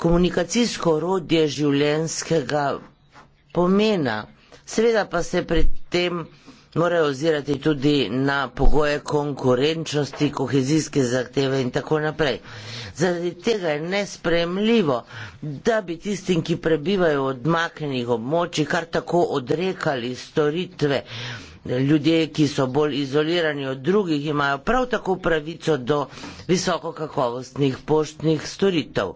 [SPEAKER 3] komunikacijsko orodje življenjskega pomena. Seveda pa se pri tem morajo ozirati tudi na pogoje konkurenčnosti, kohezijske zahteve in tako naprej. Zaradi tega je nespremljivo, da bi tistim, ki prebivajo v odmaknjenih območjih, kar tako odrekali storitve, ljudje, ki so bolj izolirani od drugih, imajo prav tako pravico do visokokakovostnih poštnih storitev.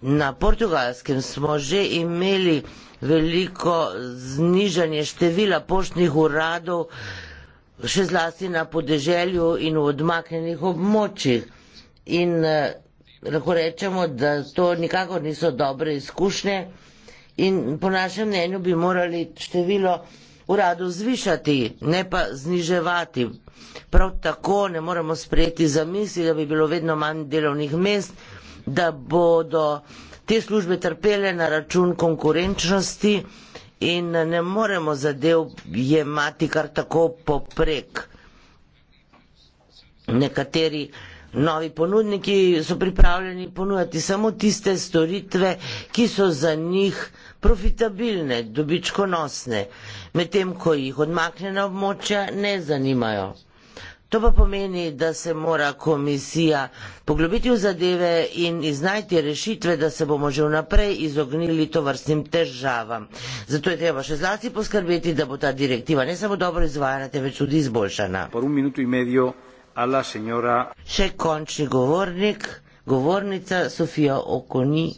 [SPEAKER 3] Na portugalskem smo že imeli veliko znižanje števila poštnih uradov, še zlasti na podeželju in v odmaknenih območjih. In eh, lahko rečemo, da to nikakor niso dobre izkušnje in po našem mnenju bi morali število uradu zvišati, ne pa zniževati. Prav tako ne moremo sprejeti zamisli, da bi bilo vedno manj delovnih mest, da bodo te službe trpele na račun konkurenčnosti in ne moremo zadev jemati kar tako poprek. Nekateri Novi ponudniki so pripravljeni ponuditi samo tiste storitve, ki so za njih profitabilne, dobičkonosne, medtem ko jih odmaknjena območja ne zanimajo. To pa pomeni, da se mora komisija poglobiti v zadeve in iznajti rešitve, da se bomo že vnaprej izognili to vrstnim težavam. Zato je treba še zlasti poskrbeti, da bo ta direktiva ne samo dobro izvajana, temveč tudi izboljšana. Por un minuto in medio alla signora. Še končni govornik, govornica Sofija Okoni,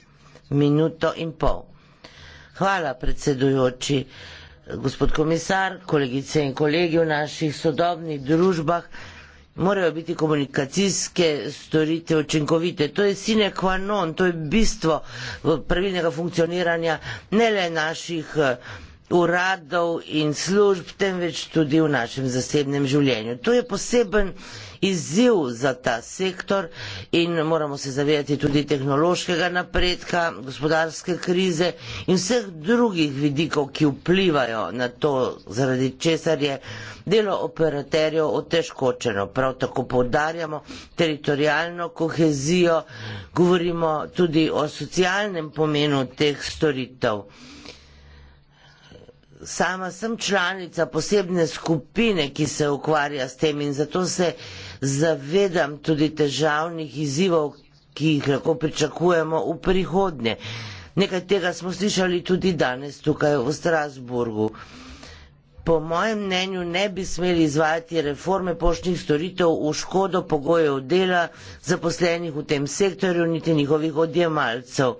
[SPEAKER 3] minuto in pol. Hvala predsedujoči, gospod komisar, kolegice in kolegi v naših sodobnih družbah. Morajo biti komunikacijske storitve učinkovite. To je sine qua non, to je bistvo pravilnega funkcioniranja ne le naših eh, uradov in služb, temveč tudi v našem zasebnem življenju. To je poseben izziv za ta sektor in moramo se zavedati tudi tehnološkega napredka, gospodarske krize in vseh drugih vidikov, ki vplivajo na to, zaradi česar je delo operaterjev otežkočeno. Prav tako povdarjamo teritorijalno kohezijo, govorimo tudi o socialnem pomenu teh storitev sama sem članica posebne skupine, ki se ukvarja s tem in zato se zavedam tudi težavnih izzivov, ki jih lahko pričakujemo v prihodnje. Nekaj tega smo slišali tudi danes tukaj v Strasburgu. Po mojem mnenju ne bi smeli izvajati reforme poštnih storitev v škodo pogojev dela zaposlenih v tem sektorju, niti njihovih odjemalcev.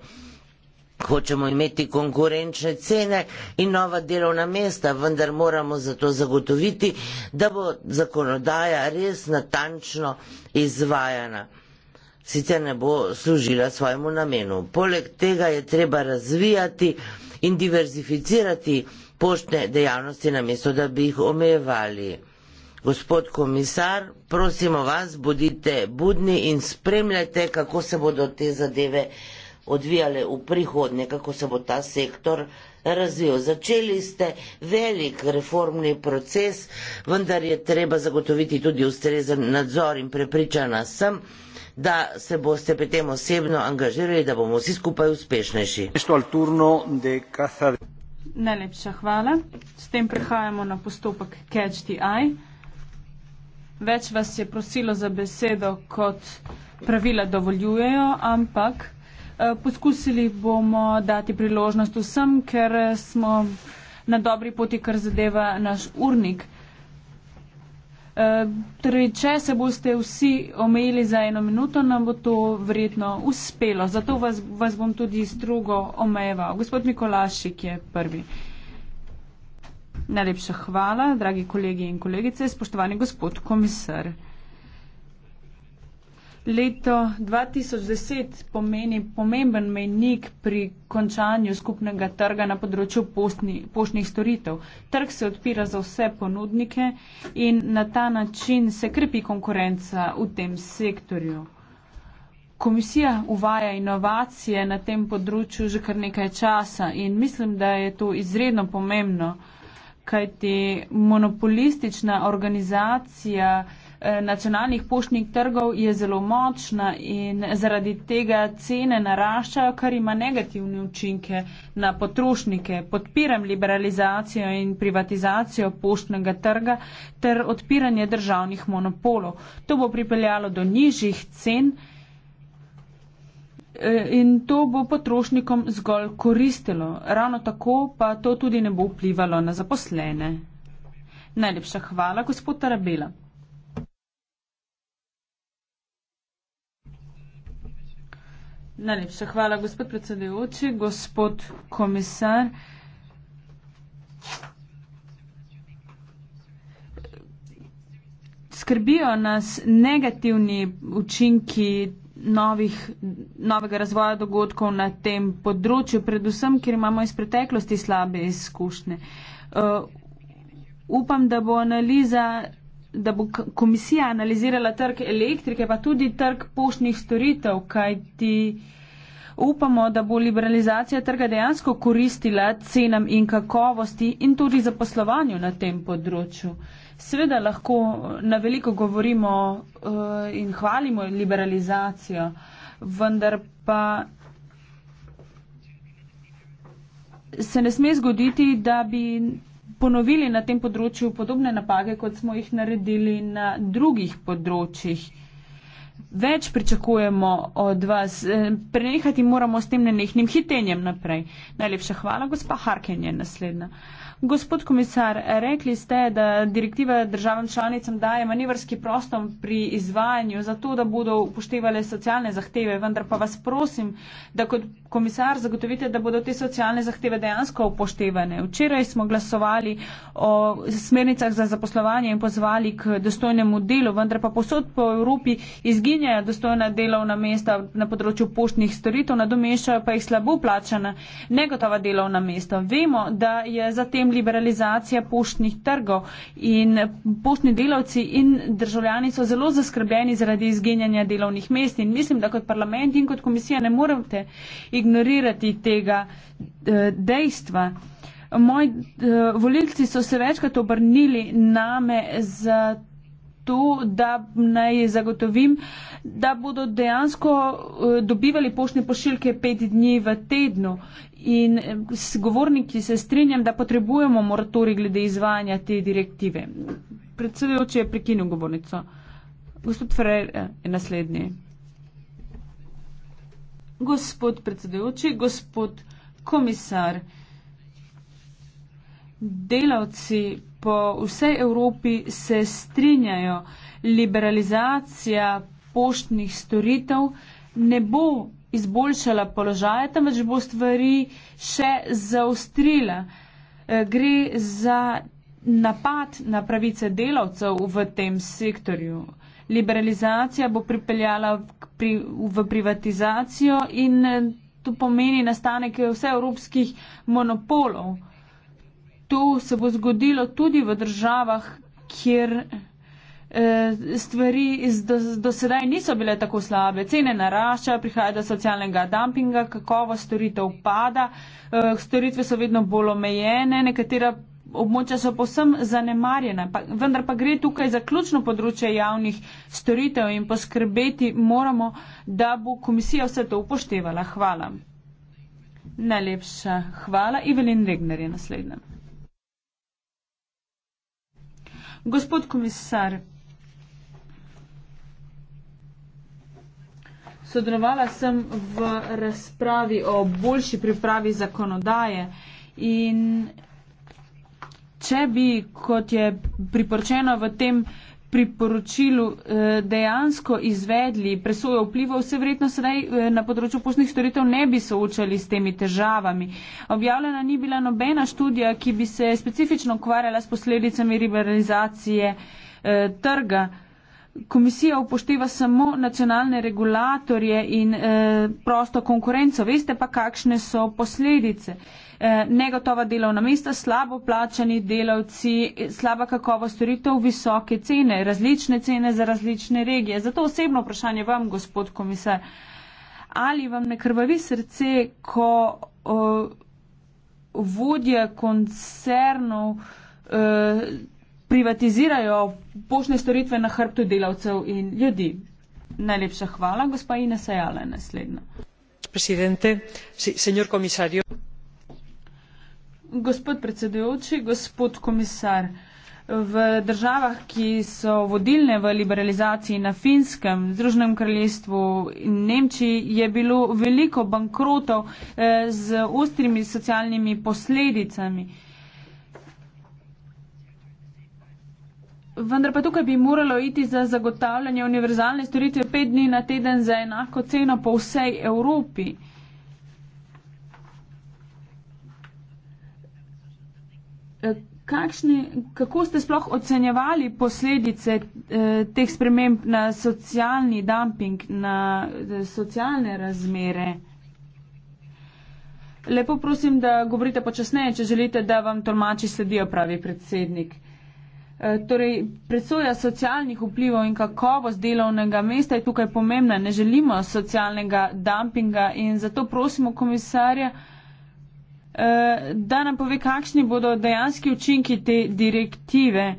[SPEAKER 3] Hočemo imeti konkurenčne cene in nova delovna mesta, vendar moramo zato zagotoviti, da bo zakonodaja res natančno izvajana. Sicer ne bo služila svojemu namenu. Poleg tega je treba razvijati in diverzificirati poštne dejavnosti, namesto da bi jih omejevali. Gospod komisar, prosimo vas, bodite budni in spremljajte, kako se bodo te zadeve razvijale odvijale v prihodnje, kako se bo ta sektor razvijal. Začeli ste velik reformni proces, vendar je treba zagotoviti tudi ustrezen nadzor in prepričana sem, da se boste potem osebno angažirali, da bomo vsi skupaj uspešnejši.
[SPEAKER 4] Najlepša hvala. S tem prehajamo na postopek Catch the Eye. Več vas je prosilo za besedo, kot pravila dovoljujejo, ampak Eh, poskusili bomo dati priložnost vsem, ker smo na dobri poti, kar zadeva naš urnik. Eh, torej, če se boste vsi omejili za eno minuto, nam bo to verjetno uspelo. Zato vas, vas bom tudi strogo omejeval. Gospod Mikolašik je prvi. Najlepša hvala, dragi kolegi in kolegice, spoštovani gospod komisar. Leto 2010 pomeni pomemben mejnik pri končanju skupnega trga na področju postni, poštnih storitev. Trg se odpira za vse ponudnike in na ta način se krepi konkurenca v tem sektorju. Komisija uvaja inovacije na tem področju že kar nekaj časa in mislim, da je to izredno pomembno, kajti monopolistična organizacija. Eh, nacionalnih poštnih trgov je zelo močna in zaradi tega cene naraščajo, kar ima negativne učinke na potrošnike. Podpiram liberalizacijo in privatizacijo poštnega trga ter odpiranje državnih monopolov. To bo pripeljalo do nižjih cen eh, in to bo potrošnikom zgolj koristilo. Ravno tako pa to tudi ne bo vplivalo na zaposlene. Najlepša hvala, gospod Tarabela. Najlepša hvala, gospod predsedujoči, gospod komisar. Skrbijo nas negativni učinki novih, novega razvoja dogodkov na tem področju, predvsem, ker imamo iz preteklosti slabe izkušnje. Uh, upam, da bo analiza da bo komisija analizirala trg elektrike, pa tudi trg poštnih storitev, kaj ti upamo, da bo liberalizacija trga dejansko koristila cenam in kakovosti in tudi zaposlovanju na tem področju. Sveda lahko na veliko govorimo uh, in hvalimo liberalizacijo, vendar pa se ne sme zgoditi, da bi ponovili na tem področju podobne napake, kot smo jih naredili na drugih področjih več pričakujemo od vas. E, prenehati moramo s tem nenehnim hitenjem naprej. Najlepša hvala, gospa Harken je naslednja. Gospod komisar, rekli ste, da direktiva državam članicam daje manevrski prostor pri izvajanju za to, da bodo upoštevali socialne zahteve, vendar pa vas prosim, da kot komisar zagotovite, da bodo te socialne zahteve dejansko upoštevane. Včeraj smo glasovali o smernicah za zaposlovanje in pozvali k dostojnemu delu, vendar pa posod po Evropi izginja ukinjajo dostojna delovna mesta na področju poštnih storitev, nadomešajo pa jih slabo plačana negotova delovna mesta. Vemo, da je zatem liberalizacija poštnih trgov in poštni delavci in državljani so zelo zaskrbljeni zaradi izginjanja delovnih mest in mislim, da kot parlament in kot komisija ne morete ignorirati tega eh, dejstva. Moji eh, volilci so se večkrat obrnili name za tu, da naj zagotovim, da bodo dejansko eh, dobivali poštne pošiljke pet dni v tednu. In eh, s govorniki se strinjam, da potrebujemo moratori glede izvajanja te direktive. Predsedujoči je prekinil govornico. Gospod Ferrer je eh, naslednji. Gospod predsedujoči, gospod komisar, delavci po vsej Evropi se strinjajo, liberalizacija poštnih storitev ne bo izboljšala položaja, temveč bo stvari še zaustrila. Eh, gre za napad na pravice delavcev v tem sektorju. Liberalizacija bo pripeljala v privatizacijo in eh, to pomeni nastanek vseevropskih monopolov to se bo zgodilo tudi v državah, kjer eh, stvari do, do sedaj niso bile tako slabe. Cene naraščajo, prihaja do socialnega dumpinga, kakovost storitev pada, eh, storitve so vedno bolj omejene, nekatera območja so posem zanemarjena. Pa, vendar pa gre tukaj za ključno področje javnih storitev in poskrbeti moramo, da bo komisija vse to upoštevala. Hvala. Najlepša hvala. Ivelin Regner je naslednja. Gospod komisar, sodelovala sem v razpravi o boljši pripravi zakonodaje in če bi, kot je priporočeno v tem priporočilu eh, dejansko izvedli presojo vplivov, se verjetno sedaj eh, na področju poštnih storitev ne bi soočali s temi težavami. Objavljena ni bila nobena študija, ki bi se specifično ukvarjala s posledicami liberalizacije eh, trga. Komisija upošteva samo nacionalne regulatorje in prosto konkurenco. Veste pa, kakšne so posledice? Eh, negotova delovna mesta, slabo plačani delavci, slaba kakovost storitev, visoke cene, različne cene za različne regije. Zato osebno vprašanje vam, gospod komisar, ali vam ne krvavi srce, ko uh, vodje koncernov uh, privatizirajo pošne storitve na hrbtu delavcev in ljudi. Najlepša hvala, gospa Ina Sajala je naslednja. Presidente, señor comisario. Gospod predsedujoči, gospod komisar. V državah, ki so vodilne v liberalizaciji na Finskem, Združenem kraljestvu in Nemčiji, je bilo veliko bankrotov eh, z ostrimi socialnimi posledicami. Vendar pa tukaj bi moralo iti za zagotavljanje univerzalne storitve pet dni na teden za enako ceno po vsej Evropi. Eh, kakšni, kako ste sploh ocenjevali posledice eh, teh sprememb na socialni dumping, na eh, socialne razmere? Lepo prosim, da govorite počasneje, če želite, da vam tolmači sledijo, pravi predsednik. Torej, presoja socialnih vplivov in kakovost delovnega mesta je tukaj pomembna. Ne želimo socialnega dumpinga in zato prosimo komisarja, Eh, da nam pove, kakšni bodo dejanski učinki te direktive.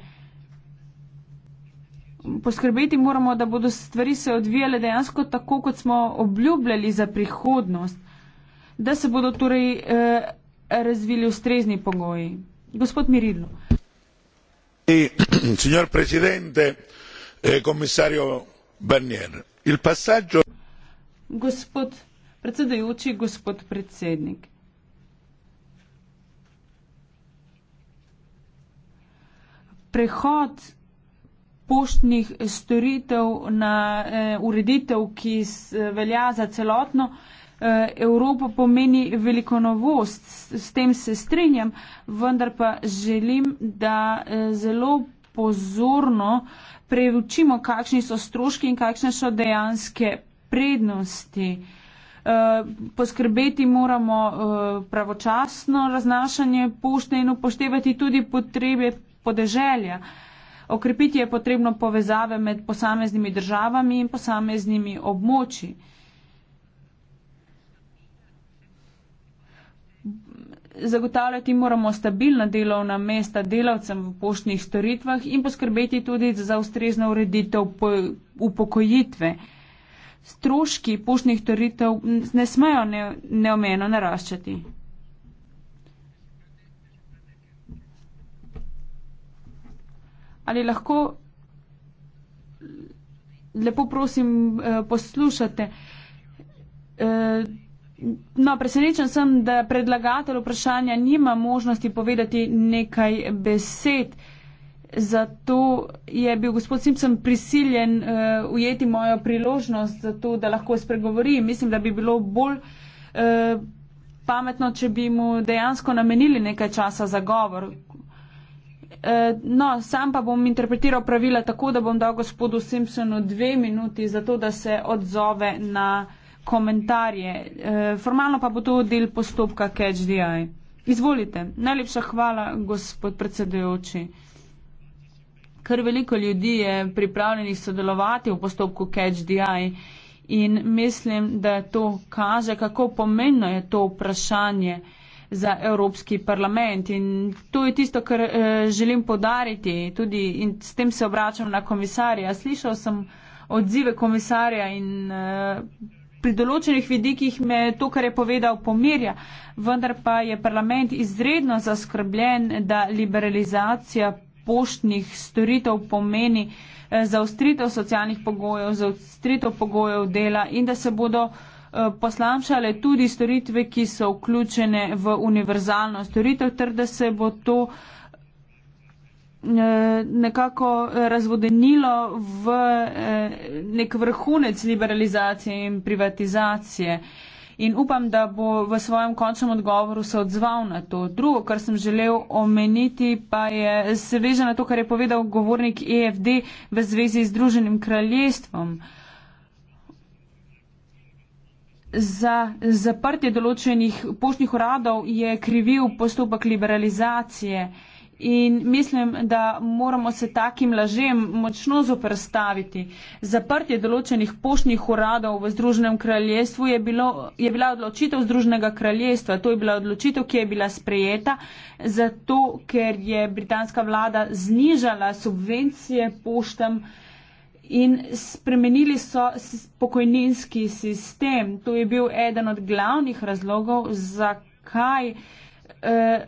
[SPEAKER 4] Poskrbeti moramo, da bodo stvari se odvijale dejansko tako, kot smo obljubljali za prihodnost, da se bodo torej eh, razvili ustrezni pogoji. Gospod Mirilo. E, eh, gospod predsedujoči, gospod predsednik. prehod poštnih storitev na eh, ureditev, ki s, eh, velja za celotno eh, Evropo, pomeni veliko novost. S, s tem se strinjam, vendar pa želim, da eh, zelo pozorno preučimo, kakšni so stroški in kakšne so dejanske prednosti. Eh, poskrbeti moramo eh, pravočasno raznašanje pošte in upoštevati tudi potrebe podeželja. Okrepiti je potrebno povezave med posameznimi državami in posameznimi območji. Zagotavljati moramo stabilna delovna mesta delavcem v poštnih storitvah in poskrbeti tudi za ustrezno ureditev upokojitve. Stroški poštnih storitev ne smejo neomeno naraščati. ali lahko lepo prosim eh, poslušate. Eh, no, presenečen sem, da predlagatelj vprašanja nima možnosti povedati nekaj besed. Zato je bil gospod Simpson prisiljen uh, ujeti mojo priložnost za to, da lahko spregovori. Mislim, da bi bilo bolj uh, pametno, če bi mu dejansko namenili nekaj časa za govor. Eh, no, sam pa bom interpretiral pravila tako, da bom dal gospodu Simpsonu dve minuti za to, da se odzove na komentarje. Eh, formalno pa bo to del postopka CatchDI. Izvolite. Najlepša hvala, gospod predsedujoči. Ker veliko ljudi je pripravljenih sodelovati v postopku CatchDI in mislim, da to kaže, kako pomembno je to vprašanje za Evropski parlament. In to je tisto, kar eh, želim podariti tudi in s tem se obračam na komisarja. Slišal sem odzive komisarja in eh, pri določenih vidikih me to, kar je povedal, pomirja. Vendar pa je parlament izredno zaskrbljen, da liberalizacija poštnih storitev pomeni eh, zaustritev socialnih pogojev, zaustritev pogojev dela in da se bodo Eh, poslamšale tudi storitve, ki so vključene v univerzalno storitev, ter da se bo to eh, nekako razvodenilo v eh, nek vrhunec liberalizacije in privatizacije. In upam, da bo v svojem končnem odgovoru se odzval na to. Drugo, kar sem želel omeniti, pa je se veže na to, kar je povedal govornik EFD v zvezi z Združenim kraljestvom za zaprtje določenih poštnih uradov je krivil postopek liberalizacije. In mislim, da moramo se takim lažem močno zoprstaviti. Zaprtje določenih poštnih uradov v Združenem kraljestvu je, bilo, je bila odločitev Združenega kraljestva. To je bila odločitev, ki je bila sprejeta, zato ker je britanska vlada znižala subvencije poštam uh, in spremenili so pokojninski sistem. To je bil eden od glavnih razlogov, zakaj eh,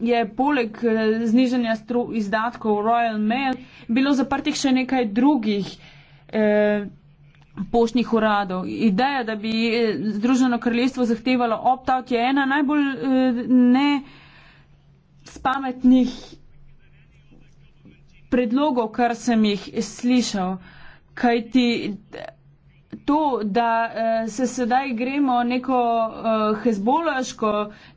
[SPEAKER 4] je poleg eh, znižanja stru, izdatkov Royal Mail bilo zaprtih še nekaj drugih. Eh, poštnih uradov. Ideja, da bi eh, Združeno kraljestvo zahtevalo opt-out, je ena najbolj eh, ne spametnih predlogov, kar sem jih slišal. Kaj ti to, da eh, se sedaj gremo neko eh, hezbolaško,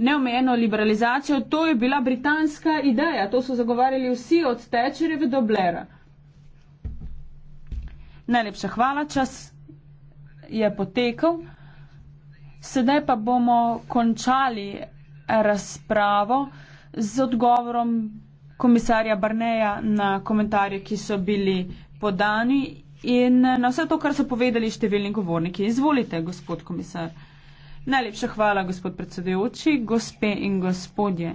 [SPEAKER 4] neomejeno liberalizacijo, to je bila britanska ideja. To so zagovarjali vsi od Tečereve do Blera. Najlepša hvala, čas je potekal. Sedaj pa bomo končali razpravo z odgovorom komisarja Barneja na komentarje, ki so bili podani in na vse to, kar so povedali številni govorniki. Izvolite, gospod komisar. Najlepša hvala, gospod predsedujoči, gospe in gospodje.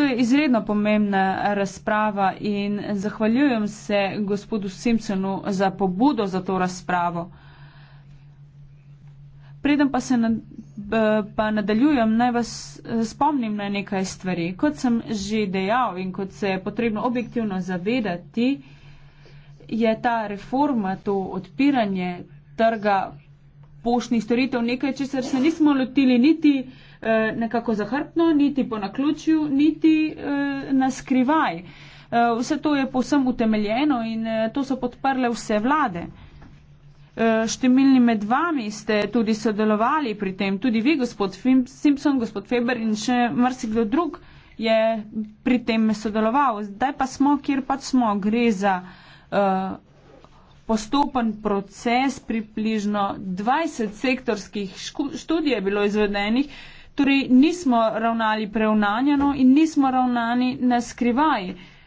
[SPEAKER 4] To je izredno pomembna razprava in zahvaljujem se gospodu Simpsonu za pobudo za to razpravo. Preden pa se nad, pa nadaljujem, naj vas eh, spomnim na nekaj stvari. Kot sem že dejal in kot se je potrebno objektivno zavedati, je ta reforma, to odpiranje trga poštnih storitev nekaj, česar se nismo lotili niti eh, nekako zahrbtno, niti po naključju, niti eh, na skrivaj. Vse to je posem utemeljeno in to so podprle vse vlade. Eh, številni med vami ste tudi sodelovali pri tem, tudi vi, gospod Fim, Simpson, gospod Feber in še marsikdo drug je pri tem sodeloval. Zdaj pa smo, kjer pa smo, gre za uh, postopen proces, približno 20 sektorskih študij je bilo izvedenih, torej nismo ravnali preunanjeno in nismo ravnani na skrivaj. Uh,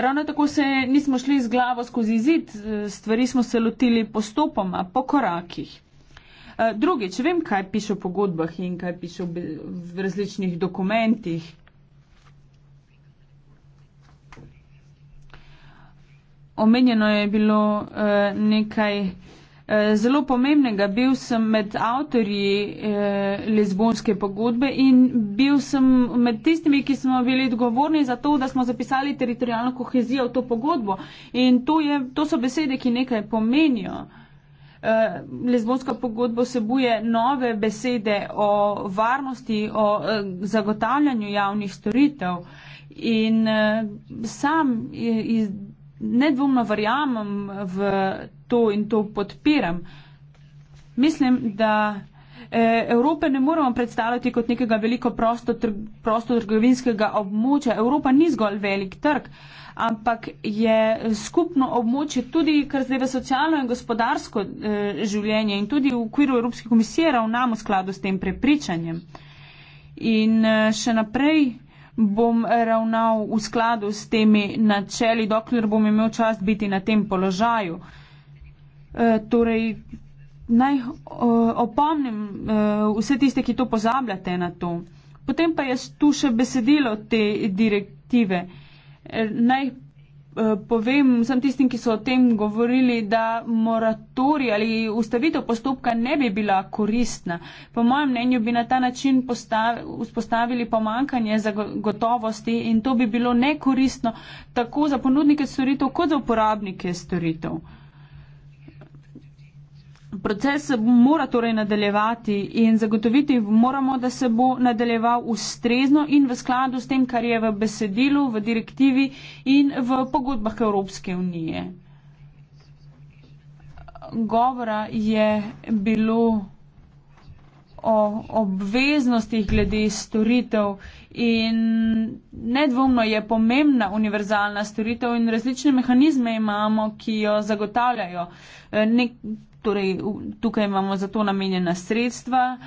[SPEAKER 4] Ravno tako se nismo šli z glavo skozi zid, e, stvari smo se lotili postopoma, po korakih. E, drugič, vem, kaj piše v pogodbah in kaj piše v različnih dokumentih. Omenjeno je bilo e, nekaj Eh, zelo pomembnega, bil sem med avtorji eh, Lizbonske pogodbe in bil sem med tistimi, ki smo bili odgovorni za to, da smo zapisali teritorijalno kohezijo v to pogodbo. In to, je, to so besede, ki nekaj pomenijo. Eh, Lizbonska pogodba vsebuje nove besede o varnosti, o eh, zagotavljanju javnih storitev in eh, sam eh, iz. Eh, nedvomno verjamem v to in to podpiram. Mislim, da e, Evrope ne moramo predstavljati kot nekega veliko prostotrgovinskega trg, prosto območja. Evropa ni zgolj velik trg, ampak je skupno območje tudi, kar zdaj v socialno in gospodarsko eh, življenje in tudi v okviru Evropske komisije ravnamo v skladu s tem prepričanjem. In eh, še naprej bom ravnal v skladu s temi načeli, dokler bom imel čast biti na tem položaju. E, torej, naj o, e, opomnim e, vse tiste, ki to pozabljate na to. Potem pa je tu še besedilo te direktive. E, naj Eh, povem vsem tistim, ki so o tem govorili, da moratorij ali ustavitev postopka ne bi bila koristna. Po mojem mnenju bi na ta način postavi, vzpostavili pomankanje zagotovosti in to bi bilo nekoristno tako za ponudnike storitev kot za uporabnike storitev. Proces se mora torej nadaljevati in zagotoviti moramo, da se bo nadaljeval ustrezno in v skladu s tem, kar je v besedilu, v direktivi in v pogodbah Evropske unije. Govora je bilo o obveznostih glede storitev in nedvomno je pomembna univerzalna storitev in različne mehanizme imamo, ki jo zagotavljajo. E, Nek, torej, tukaj imamo za to namenjena sredstva,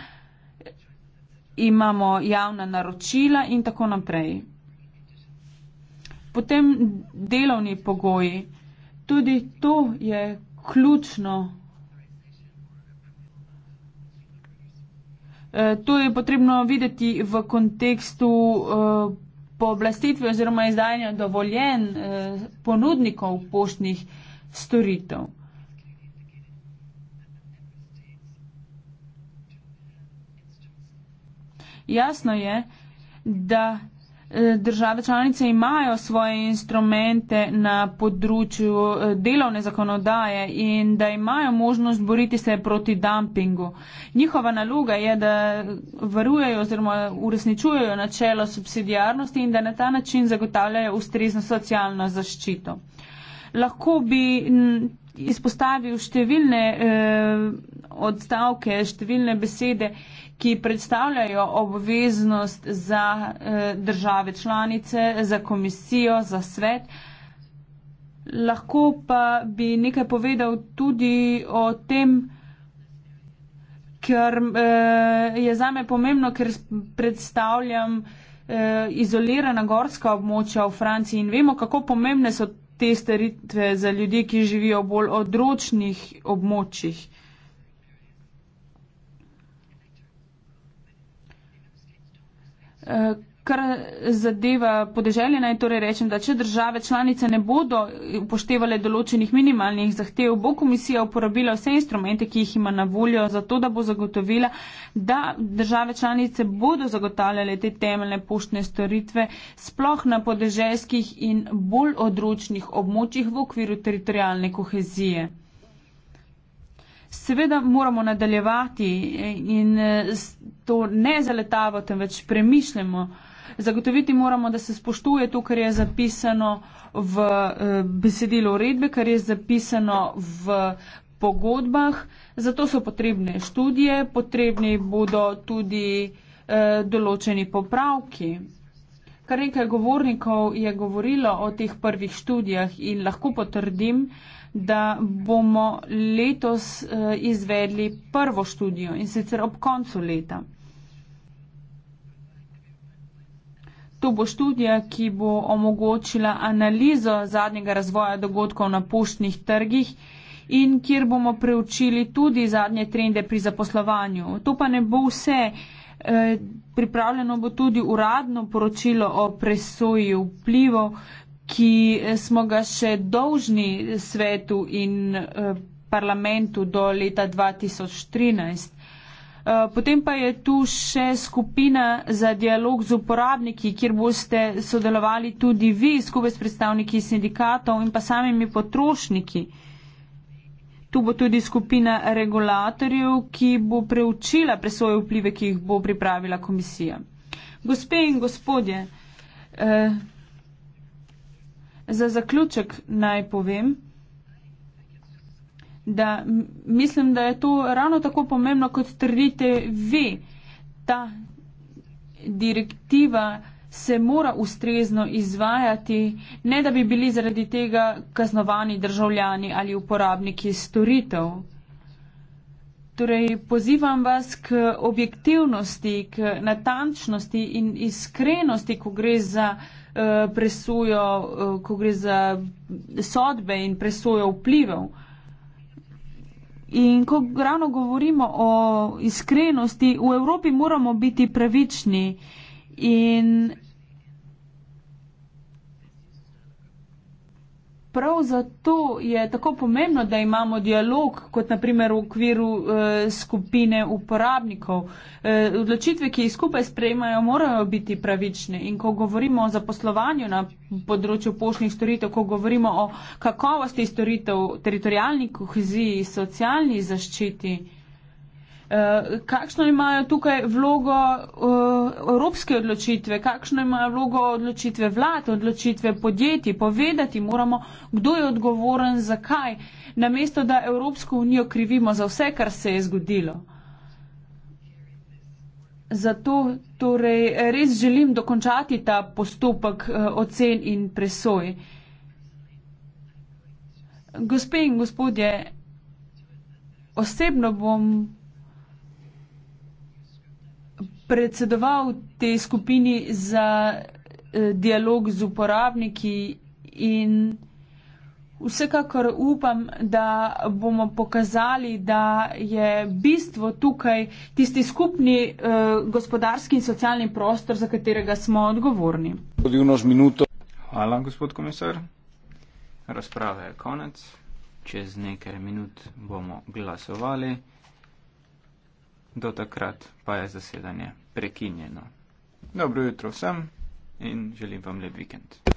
[SPEAKER 4] imamo javna naročila in tako naprej. Potem delovni pogoji. Tudi to je ključno. Eh, to je potrebno videti v kontekstu eh, pooblastitve oziroma izdajanja dovoljen eh, ponudnikov poštnih storitev. Jasno je, da Eh, države članice imajo svoje instrumente na področju eh, delovne zakonodaje in da imajo možnost boriti se proti dumpingu. Njihova naloga je, da varujejo oziroma uresničujejo načelo subsidijarnosti in da na ta način zagotavljajo ustrezno socialno zaščito. Lahko bi izpostavil številne eh, odstavke, številne besede, eh, ki predstavljajo obveznost za eh, države članice, za komisijo, za svet. Lahko pa bi nekaj povedal tudi o tem, ker eh, je zame pomembno, ker predstavljam eh, izolirana gorska območja v Franciji in vemo, kako pomembne so te storitve za ljudi, ki živijo bolj odročnih območjih. Eh, kar zadeva podeželje, naj torej rečem, da če države članice ne bodo upoštevale določenih minimalnih zahtev, bo komisija uporabila vse instrumente, ki jih ima na voljo, zato da bo zagotovila, da države članice bodo zagotavljale te temeljne poštne storitve sploh na podeželskih in bolj odročnih območjih v okviru teritorijalne kohezije. Seveda moramo nadaljevati in eh, to ne zaletavo, temveč premišljamo. Zagotoviti moramo, da se spoštuje to, kar je zapisano v eh, besedilu uredbe, kar je zapisano v pogodbah. Zato so potrebne študije, potrebni bodo tudi eh, določeni popravki. Kar nekaj govornikov je govorilo o teh prvih študijah in lahko potrdim, da bomo letos eh, izvedli prvo študijo in sicer ob koncu leta. To bo študija, ki bo omogočila analizo zadnjega razvoja dogodkov na poštnih trgih in kjer bomo preučili tudi zadnje trende pri zaposlovanju. To pa ne bo vse. Eh, pripravljeno bo tudi uradno poročilo o presoji vplivov ki eh, smo ga še dolžni svetu in eh, parlamentu do leta 2013. Eh, potem pa je tu še skupina za dialog z uporabniki, kjer boste sodelovali tudi vi skupaj s predstavniki sindikatov in pa samimi potrošniki. Tu bo tudi skupina regulatorjev, ki bo preučila presoje vplive, ki jih bo pripravila komisija. Gospe in gospodje, Za zaključek naj povem, da mislim, da je to ravno tako pomembno, kot trdite vi. Ta direktiva se mora ustrezno izvajati, ne da bi bili zaradi tega kaznovani državljani ali uporabniki storitev. Torej, pozivam vas k objektivnosti, k natančnosti in iskrenosti, ko gre za uh, presojo, uh, ko gre za sodbe in presojo vplivev. In ko ravno govorimo o iskrenosti, v Evropi moramo biti pravični in prav zato je tako pomembno, da imamo dialog, kot naprimer v okviru eh, skupine uporabnikov. Eh, odločitve, ki jih skupaj sprejmajo, morajo biti pravične. In ko govorimo o zaposlovanju na področju poštnih storitev, ko govorimo o kakovosti storitev, teritorijalni koheziji, socialni zaščiti, eh, Eh, kakšno imajo tukaj vlogo eh, evropske odločitve, kakšno imajo vlogo odločitve vlad, odločitve podjetij, povedati moramo, kdo je odgovoren, zakaj, namesto da Evropsko unijo krivimo za vse, kar se je zgodilo. Zato torej res želim dokončati ta postopek eh, ocen in presoj. Gospe in gospodje, osebno bom predsedoval te skupini za eh, dialog z uporabniki in vsekakor upam, da bomo pokazali, da je bistvo tukaj tisti skupni eh, gospodarski in socialni prostor, za katerega smo odgovorni.
[SPEAKER 1] Hvala, gospod komisar. Razprava je konec. Čez nekaj minut bomo glasovali. Do takrat pa je zasedanje prekinjeno.
[SPEAKER 3] Dobro jutro vsem
[SPEAKER 1] in želim vam lep vikend.